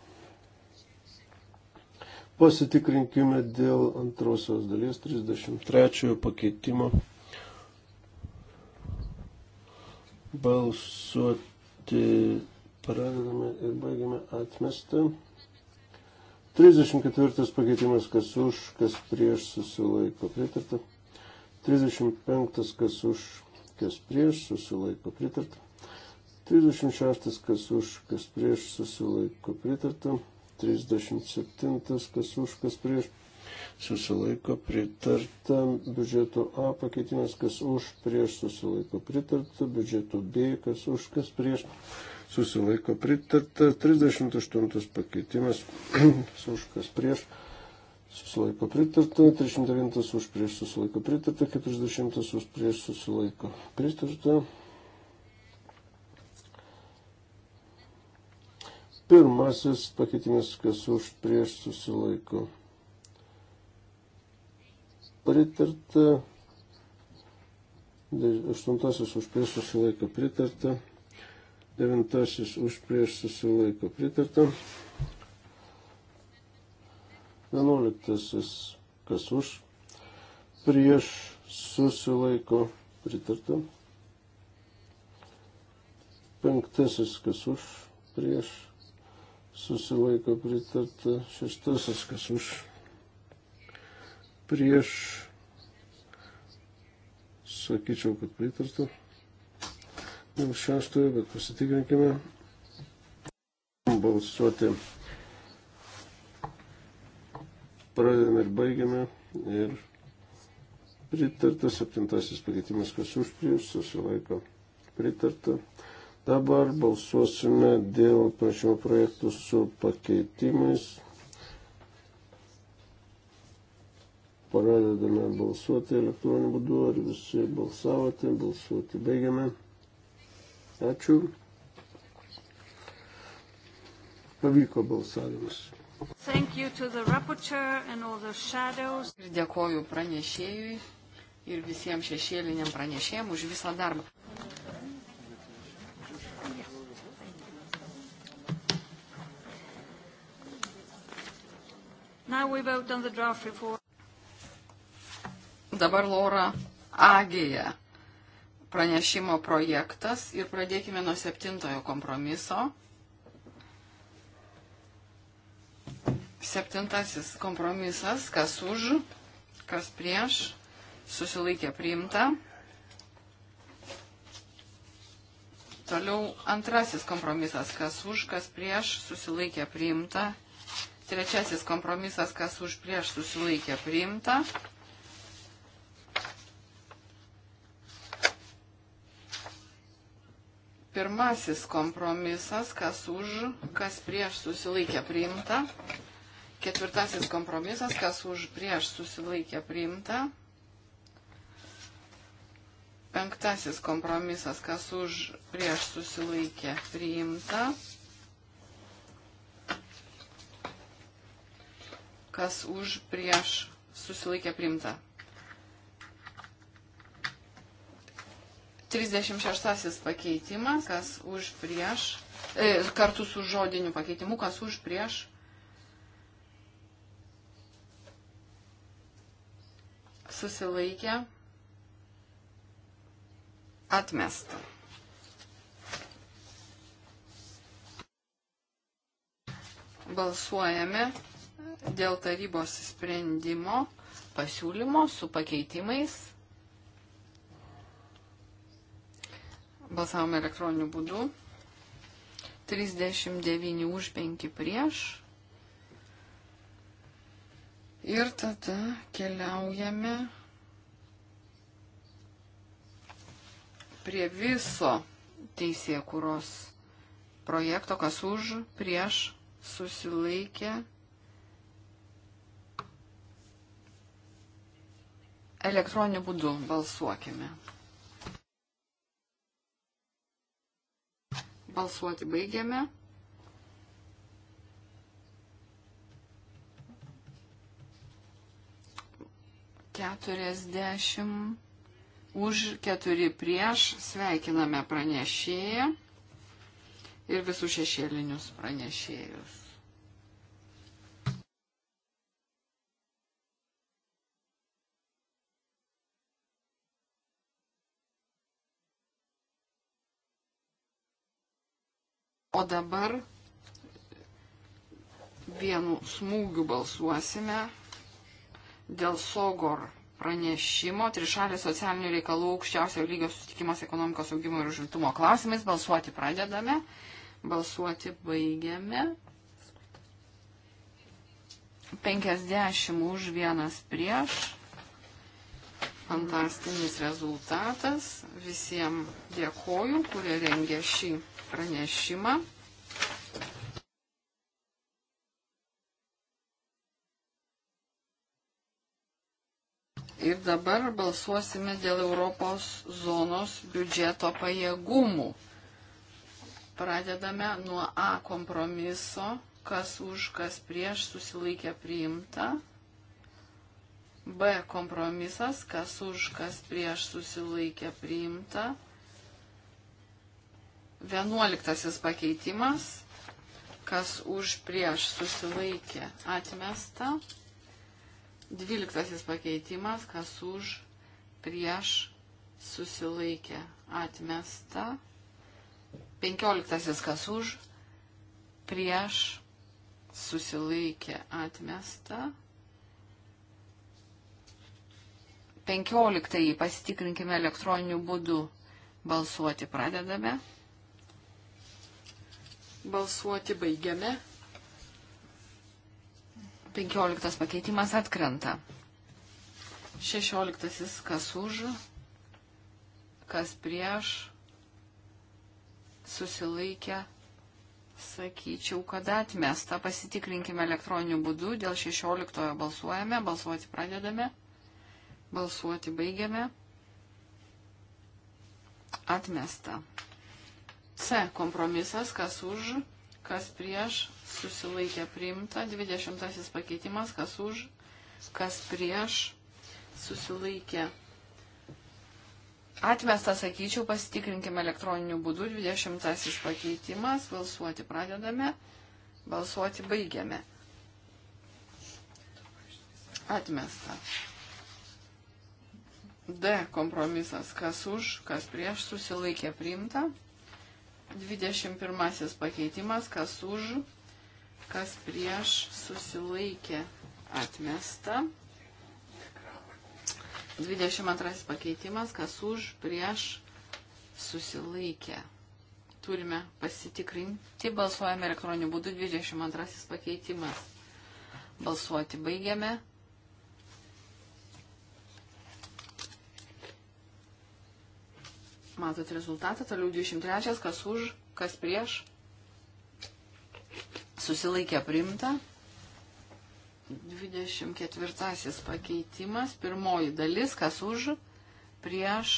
Pasitikrinkime dėl antrosios dalies 33 pakeitimo. Balsuoti pradedame ir baigiame atmestą. 34 pakeitimas, kas už, kas prieš susilaiko pritarta. 35 kas už, kas prieš susilaiko pritarta. 36 kas už, kas prieš susilaiko pritarta. 37, kas už, kas prieš, susilaiko pritarta, biudžeto A pakeitimas, kas už, prieš, susilaiko pritarta, biudžeto B, kas už, kas prieš, susilaiko pritarta, 38 pakeitimas, kas už, kas prieš, susilaiko pritarta, 39 už, prieš, susilaiko pritarta, 40 už, prieš, susilaiko pritarta. Pirmasis pakeitimas, kas už prieš susilaiko. Pritarta. Aštuntasis už prieš susilaiko pritarta. Devintasis už prieš susilaiko pritarta. Vienuoliktasis kas už prieš susilaiko pritarta. Penktasis kas už prieš susilaiko pritarta. Šeštasis, kas už prieš, sakyčiau, kad pritarta. Dėl šeštojo, bet pasitikrinkime. Balsuoti. Pradedame ir baigiame. Ir pritarta septintasis pakeitimas, kas už prieš, susilaiko pritarta. Dabar balsuosime dėl prašymo projektų su pakeitimais. Pradedame balsuoti elektroniniu būdu, ar visi balsavote, balsuoti baigiame. Ačiū. Pavyko balsavimas. Ir dėkoju pranešėjui ir visiems šešėliniam pranešėjim už visą darbą. Dabar Laura Agija pranešimo projektas ir pradėkime nuo septintojo kompromiso. Septintasis kompromisas, kas už, kas prieš, susilaikė priimta. Toliau antrasis kompromisas, kas už, kas prieš, susilaikė priimta. Trečiasis kompromisas, kas už prieš susilaikė priimta. Pirmasis kompromisas, kas už, kas prieš susilaikė priimta. Ketvirtasis kompromisas, kas už prieš susilaikė priimta. Penktasis kompromisas, kas už prieš susilaikė priimta. kas už prieš susilaikė primta. 36 pakeitimas, kas už prieš, e, kartu su žodiniu pakeitimu, kas už prieš. Susilaikė. Atmesta. Balsuojame dėl tarybos sprendimo pasiūlymo su pakeitimais. Balsavome elektroniniu būdu. 39 už 5 prieš. Ir tada keliaujame prie viso teisėkuros projekto, kas už, prieš, susilaikė, elektroniniu būdu balsuokime. Balsuoti baigiame. Keturiasdešimt už keturi prieš sveikiname pranešėją ir visus šešėlinius pranešėjus. O dabar vienu smūgiu balsuosime dėl Sogor pranešimo trišalės socialinių reikalų aukščiausio lygio susitikimas ekonomikos augimo ir užimtumo klausimais. Balsuoti pradedame, balsuoti baigiame. 50 už vienas prieš. Fantastinis rezultatas. Visiems dėkoju, kurie rengė šį pranešimą. Ir dabar balsuosime dėl Europos zonos biudžeto pajėgumų. Pradedame nuo A kompromiso, kas už, kas prieš susilaikė priimta. B kompromisas, kas už, kas prieš susilaikė priimta. Vienuoliktasis pakeitimas, kas už prieš susilaikė atmesta. Dvyliktasis pakeitimas, kas už prieš susilaikė atmesta. Penkioliktasis, kas už prieš susilaikė atmesta. Penkioliktąjį pasitikrinkime elektroniniu būdu balsuoti pradedame. Balsuoti baigiame. 15 pakeitimas atkrenta. 16 kas už, kas prieš, susilaikę, sakyčiau, kad atmesta. Pasitikrinkime elektroniniu būdu, dėl 16 balsuojame, balsuoti pradedame, balsuoti baigiame. Atmesta. C kompromisas, kas už, kas prieš, susilaikė priimta. 20 pakeitimas, kas už, kas prieš, susilaikė. Atmestas, sakyčiau, pasitikrinkime elektroniniu būdu. 20 pakeitimas, balsuoti pradedame, balsuoti baigiame. Atmesta. D kompromisas, kas už, kas prieš, susilaikė priimta. 21 pakeitimas, kas už, kas prieš susilaikė atmesta. 22 pakeitimas, kas už, prieš susilaikė. Turime pasitikrinti, balsuojame elektroniniu būdu 22 pakeitimas. Balsuoti baigiame. Matot rezultatą, toliau 23, kas už, kas prieš. Susilaikė primta. 24 pakeitimas, pirmoji dalis, kas už, prieš,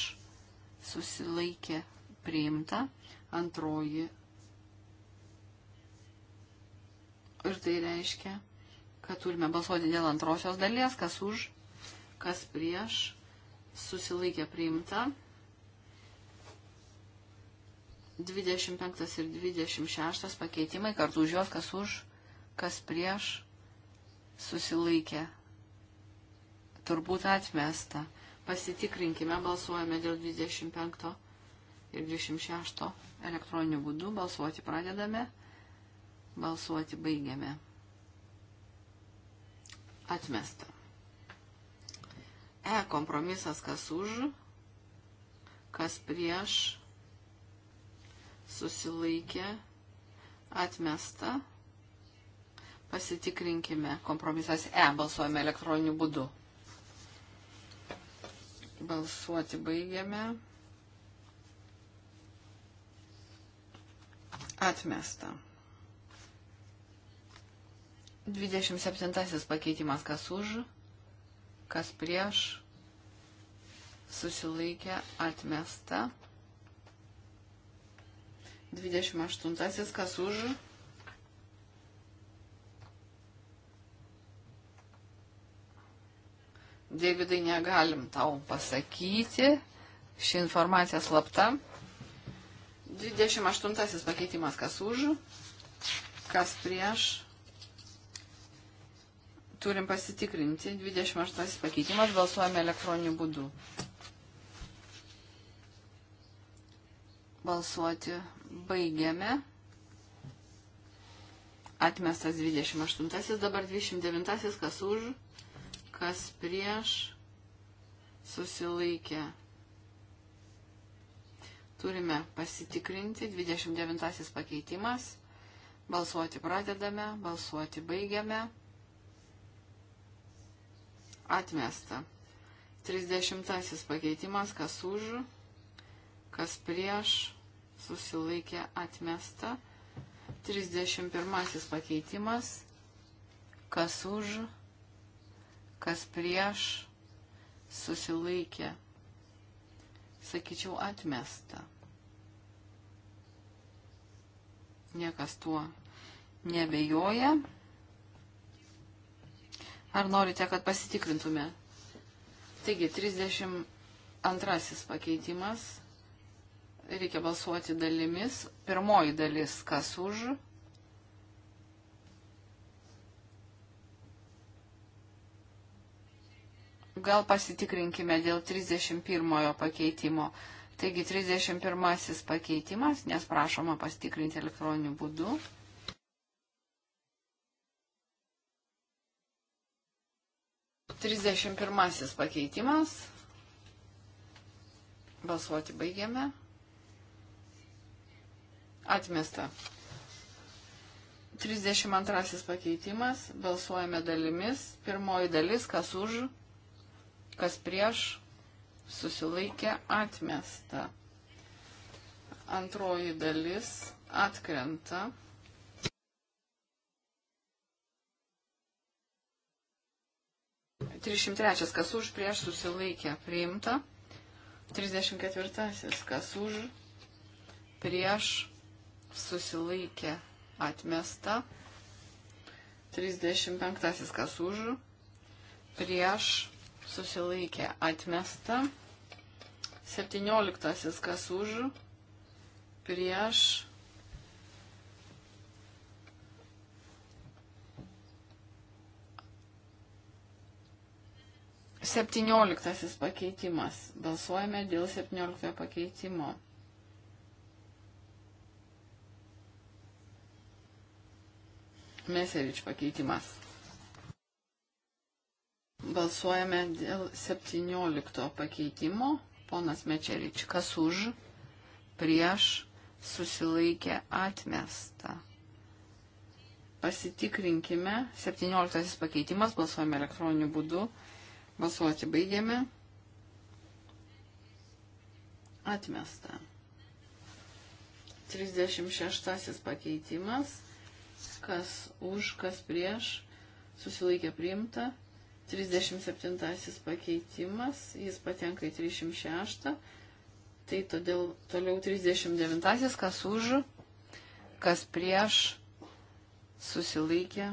susilaikė priimta, antroji. Ir tai reiškia, kad turime balsuoti dėl antrosios dalies, kas už, kas prieš, susilaikė priimta. 25 ir 26 pakeitimai kartu už juos, kas už, kas prieš, susilaikė. Turbūt atmesta. Pasitikrinkime, balsuojame dėl 25 ir 26 elektroniniu būdu. Balsuoti pradedame, balsuoti baigiame. Atmesta. E kompromisas, kas už, kas prieš, susilaikė, atmesta. Pasitikrinkime. Kompromisas E balsuojame elektroniniu būdu. Balsuoti baigiame. Atmesta. 27 pakeitimas kas už, kas prieš, susilaikė, atmesta. 28. Kas už? Davidai, negalim tau pasakyti. Ši informacija slapta. 28. pakeitimas. Kas už? Kas prieš? Turim pasitikrinti. 28. pakeitimas. Balsuojame elektroniniu būdu. Balsuoti baigiame. Atmestas 28, dabar 29, kas už, kas prieš, susilaikė. Turime pasitikrinti 29 pakeitimas. Balsuoti pradedame, balsuoti baigiame. Atmesta. 30 pakeitimas, kas už, kas prieš, susilaikė atmesta. 31 pakeitimas, kas už, kas prieš, susilaikė, sakyčiau, atmesta. Niekas tuo nebejoja. Ar norite, kad pasitikrintume? Taigi, 32 pakeitimas. Reikia balsuoti dalimis. Pirmoji dalis, kas už. Gal pasitikrinkime dėl 31 pakeitimo. Taigi 31 pakeitimas, nes prašoma pasitikrinti elektroniniu būdu. Trisdešimt pirmasis pakeitimas. Balsuoti baigiame. Atmesta. 32 pakeitimas. Balsuojame dalimis. Pirmoji dalis, kas už, kas prieš, susilaikė atmesta. Antroji dalis atkrenta. Trisdešimt trečias, kas už, prieš susilaikė, priimta. Trisdešimt ketvirtasis, kas už, prieš susilaikė atmesta. 35 kas už, prieš susilaikė atmesta. 17 kas už, prieš Septynioliktasis pakeitimas. Balsuojame dėl septynioliktojo pakeitimo. Meserič pakeitimas. Balsuojame dėl 17 pakeitimo. Ponas Mečerič, kas už, prieš, susilaikė atmestą. Pasitikrinkime. 17 pakeitimas. Balsuojame elektroniniu būdu. Balsuoti baigiame. Atmesta. 36 pakeitimas kas už, kas prieš, susilaikė priimta. 37 pakeitimas, jis patenka į 306, tai todėl toliau 39, kas už, kas prieš, susilaikė.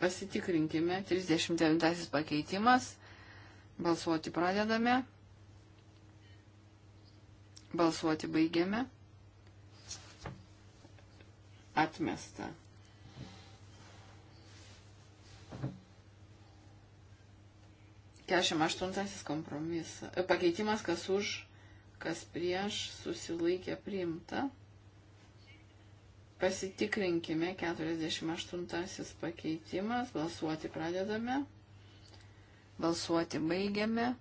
Pasitikrinkime, 39 pakeitimas, balsuoti pradedame, balsuoti baigiame atmesta. Kešim aštuntasis kompromisas. E, pakeitimas, kas už, kas prieš, susilaikė priimta. Pasitikrinkime 48 pakeitimas. Balsuoti pradedame. Balsuoti baigiame.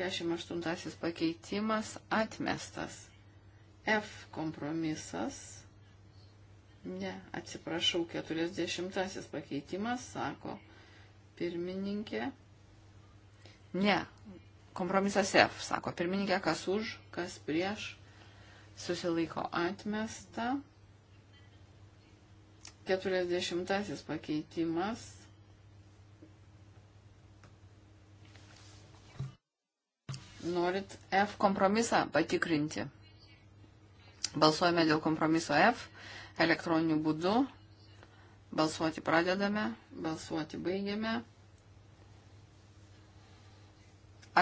48 pakeitimas atmestas. F kompromisas. Ne, atsiprašau, 40 pakeitimas, sako pirmininkė. Ne, kompromisas F, sako pirmininkė, kas už, kas prieš, susilaiko atmesta. 40 pakeitimas. Norit F kompromisą patikrinti. Balsuojame dėl kompromiso F elektroniniu būdu. Balsuoti pradedame, balsuoti baigiame.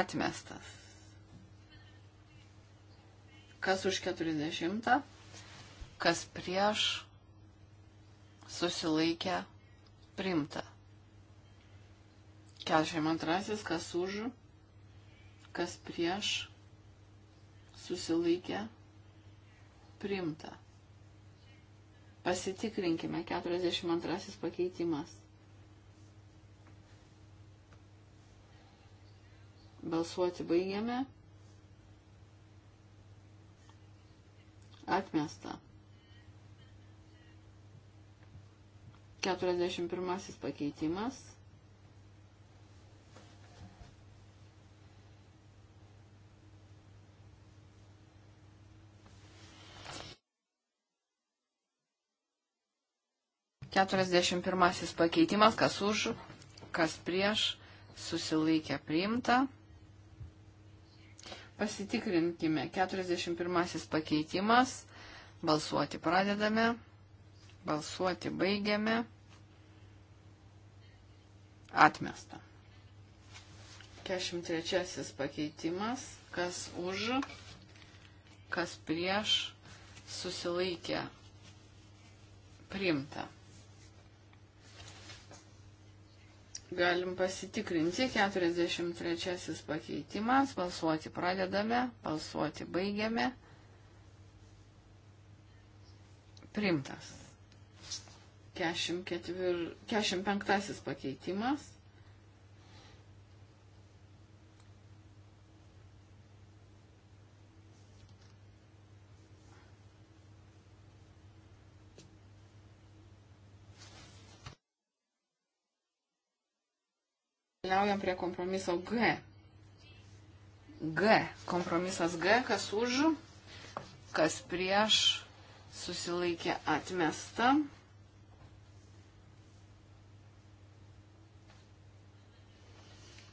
Atmestas. Kas už 40, kas prieš susilaikę primta. 42, kas už, kas prieš susilaikę primta. Pasitikrinkime 42 pakeitimas. Balsuoti baigiame. Atmesta. 41 pakeitimas. 41 pakeitimas, kas už, kas prieš, susilaikė priimta. Pasitikrinkime. 41 pakeitimas. Balsuoti pradedame. Balsuoti baigiame. Atmesta. 43 pakeitimas. Kas už, kas prieš, susilaikė priimta. Galim pasitikrinti 43 pakeitimas. Balsuoti pradedame, balsuoti baigiame. Primtas. 44, 45 pakeitimas. keliaujam prie kompromiso G. G. Kompromisas G, kas už, kas prieš, susilaikė atmesta.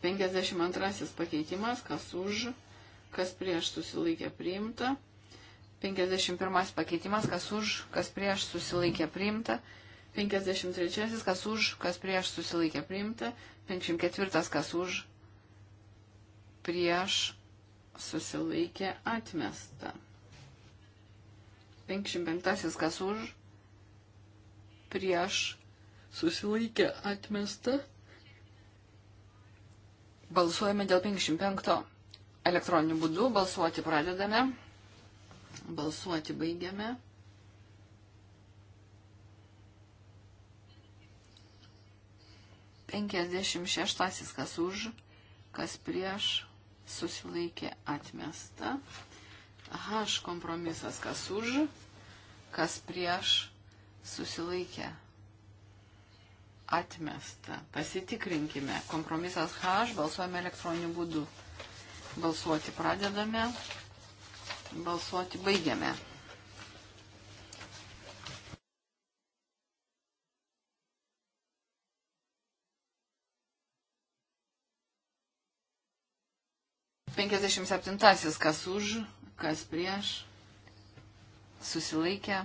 Penkiasdešimt antrasis pakeitimas, kas už, kas prieš susilaikė priimta. 51 pakeitimas, kas už, kas prieš susilaikė priimta. 53 kas už, kas prieš susilaikė priimta. 54 kas už, prieš susilaikė atmesta. 55 kas už, prieš susilaikė atmesta. Balsuojame dėl 55 elektroninių būdų. Balsuoti pradedame. Balsuoti baigiame. 56 kas už, kas prieš, susilaikė atmesta. H kompromisas kas už, kas prieš, susilaikė atmesta. Pasitikrinkime. Kompromisas H, balsuojame elektroniniu būdu. Balsuoti pradedame, balsuoti baigiame. 57. Kas už, kas prieš, susilaikė.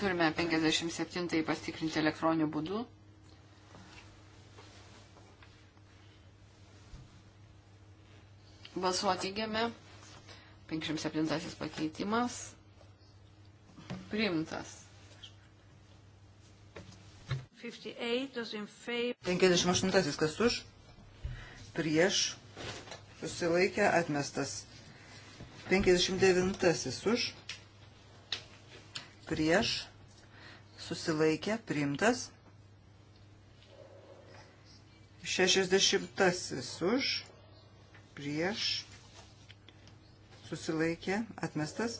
Turime 57 pastikrinti elektroniniu būdu. Balsuoti gėme. 57 pakeitimas. Priimtas. 58 kas už prieš, susilaikė atmestas. 59 už, prieš, susilaikė priimtas. 60 už, prieš, susilaikė atmestas.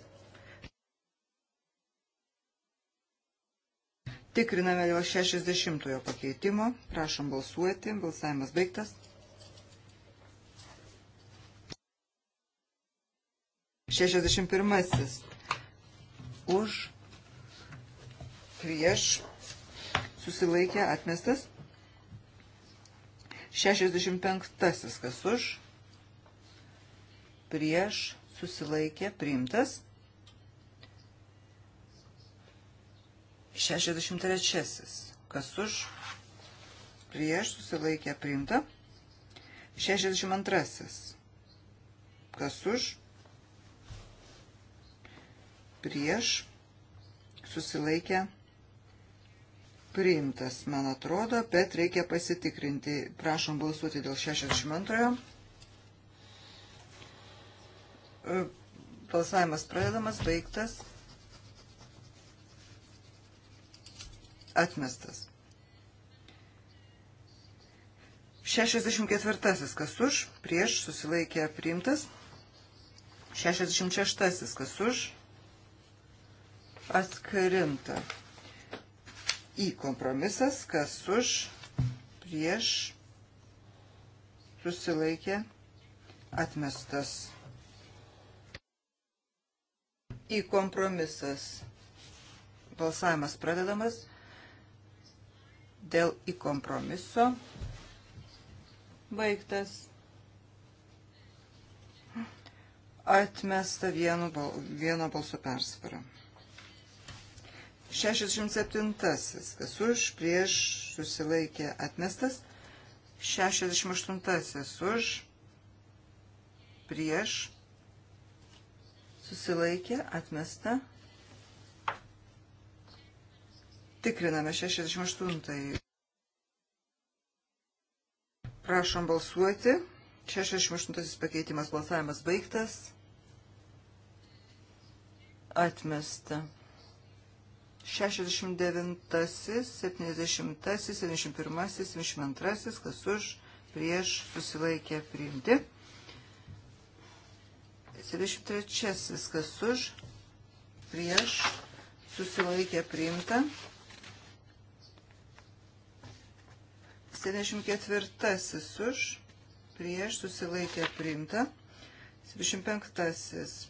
Tikriname dėl 60 pakeitimo. Prašom balsuoti. Balsavimas baigtas. 61. Už, prieš, susilaikė atmestas. 65. Kas už, prieš, susilaikė priimtas. 63. Kas už, prieš, susilaikė priimta. 62. Kas už, prieš, susilaikę, priimtas, man atrodo, bet reikia pasitikrinti. Prašom balsuoti dėl 62. E, balsavimas pradedamas, baigtas, atmestas. 64. Kas už, prieš, susilaikė, priimtas. 66. Kas už, atkrinta. Į kompromisas, kas už, prieš, susilaikė, atmestas. Į kompromisas. Balsavimas pradedamas dėl į kompromiso. Baigtas. Atmesta vieno, vieno balso persvarą. 67. Kas už, prieš, susilaikė, atmestas. 68. Už, prieš, susilaikė, atmesta. Tikriname 68. Prašom balsuoti. 68 pakeitimas balsavimas baigtas. Atmesta. 69, 70, 71, 72, kas už, prieš, susilaikė, priimti. 73, kas už, prieš, susilaikė, priimta. 74, už, prieš, susilaikė, priimta. 75,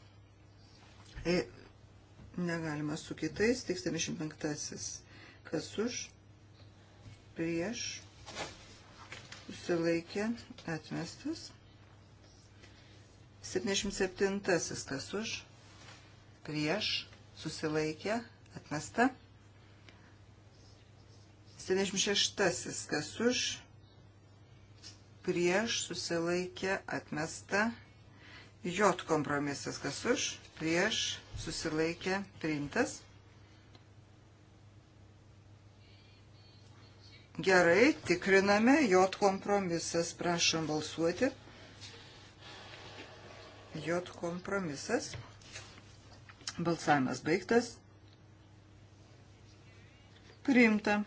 negalima su kitais, tik 75. Kas už, prieš, susilaikė, atmestas. 77. Kas už, prieš, susilaikė, atmesta. 76. Kas už, prieš, susilaikė, atmesta. J kompromisas, kas už, prieš, susilaikė, priimtas. Gerai, tikriname, J kompromisas, prašom balsuoti. J kompromisas. Balsavimas baigtas. Priimta.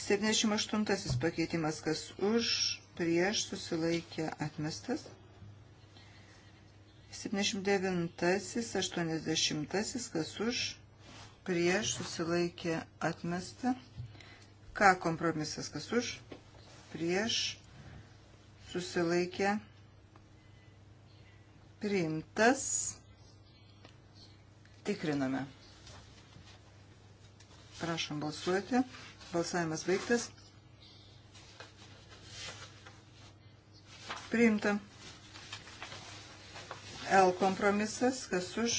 78 pakeitimas, kas už, prieš, susilaikė, atmestas. 79, 80, kas už, prieš, susilaikė, atmesta. Ką kompromisas, kas už, prieš, susilaikė, priimtas. Tikriname. Prašom balsuoti. Balsavimas baigtas. Priimta. L kompromisas, kas už,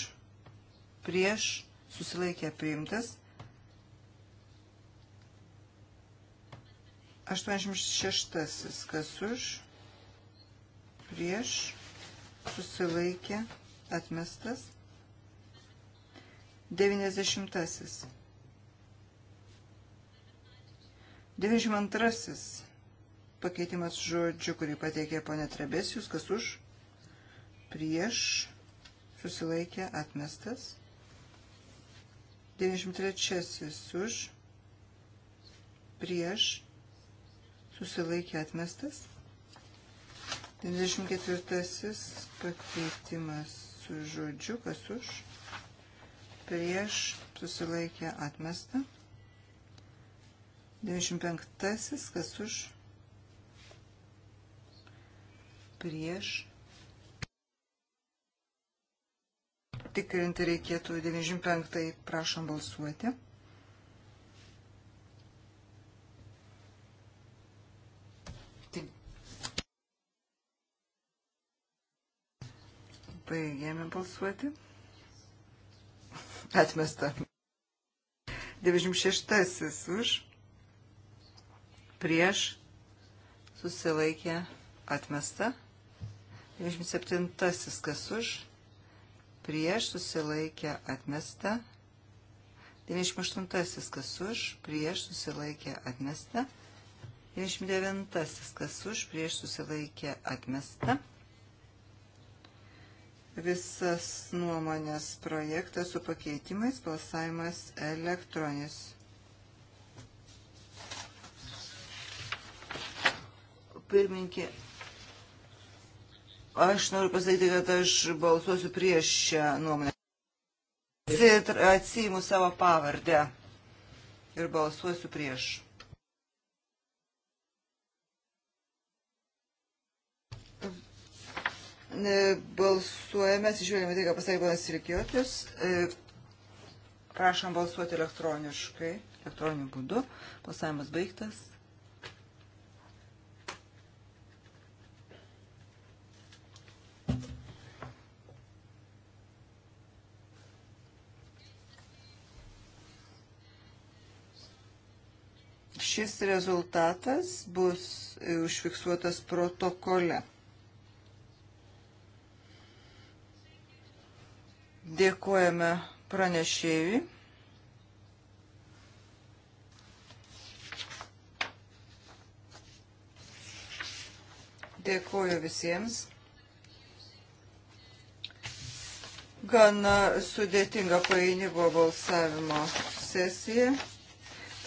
prieš, susilaikė priimtas. 86. Kas už, prieš, susilaikė, atmestas. 90. 92. Pakeitimas žodžiu, kurį pateikė ponė Trebesijus, kas už, prieš susilaikė atmestas. 93 už prieš susilaikė atmestas. 94 pakeitimas su žodžiu, kas už prieš susilaikė atmestą. 95 kas už prieš Tikrinti reikėtų 95. Prašom balsuoti. Baigėme balsuoti. Atmesta. 96 už. Prieš. Susilaikė. Atmesta. 97 kas už prieš susilaikę atmesta. 98 kas už, prieš susilaikę atmesta. 99 kas už, prieš susilaikę atmesta. Visas nuomonės projektas su pakeitimais balsavimas elektronis. Pirminkė Aš noriu pasakyti, kad aš balsuosiu prieš šią nuomonę. Atsijimu savo pavardę ir balsuosiu prieš. Balsuojame, išvelgiame tai, ką pasakė ponas Rikiotės. E, prašom balsuoti elektroniškai, elektroniniu būdu. Balsavimas baigtas. Šis rezultatas bus užfiksuotas protokole. Dėkojame pranešėjui. Dėkoju visiems. Gana sudėtinga paini buvo balsavimo sesija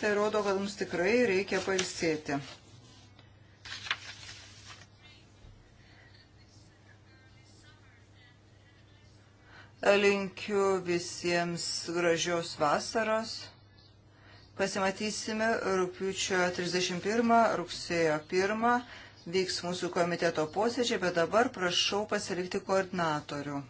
tai rodo, kad mums tikrai reikia palsėti. Linkiu visiems gražios vasaros. Pasimatysime rūpiučio 31, rugsėjo 1. Vyks mūsų komiteto posėdžiai, bet dabar prašau pasilikti koordinatorių.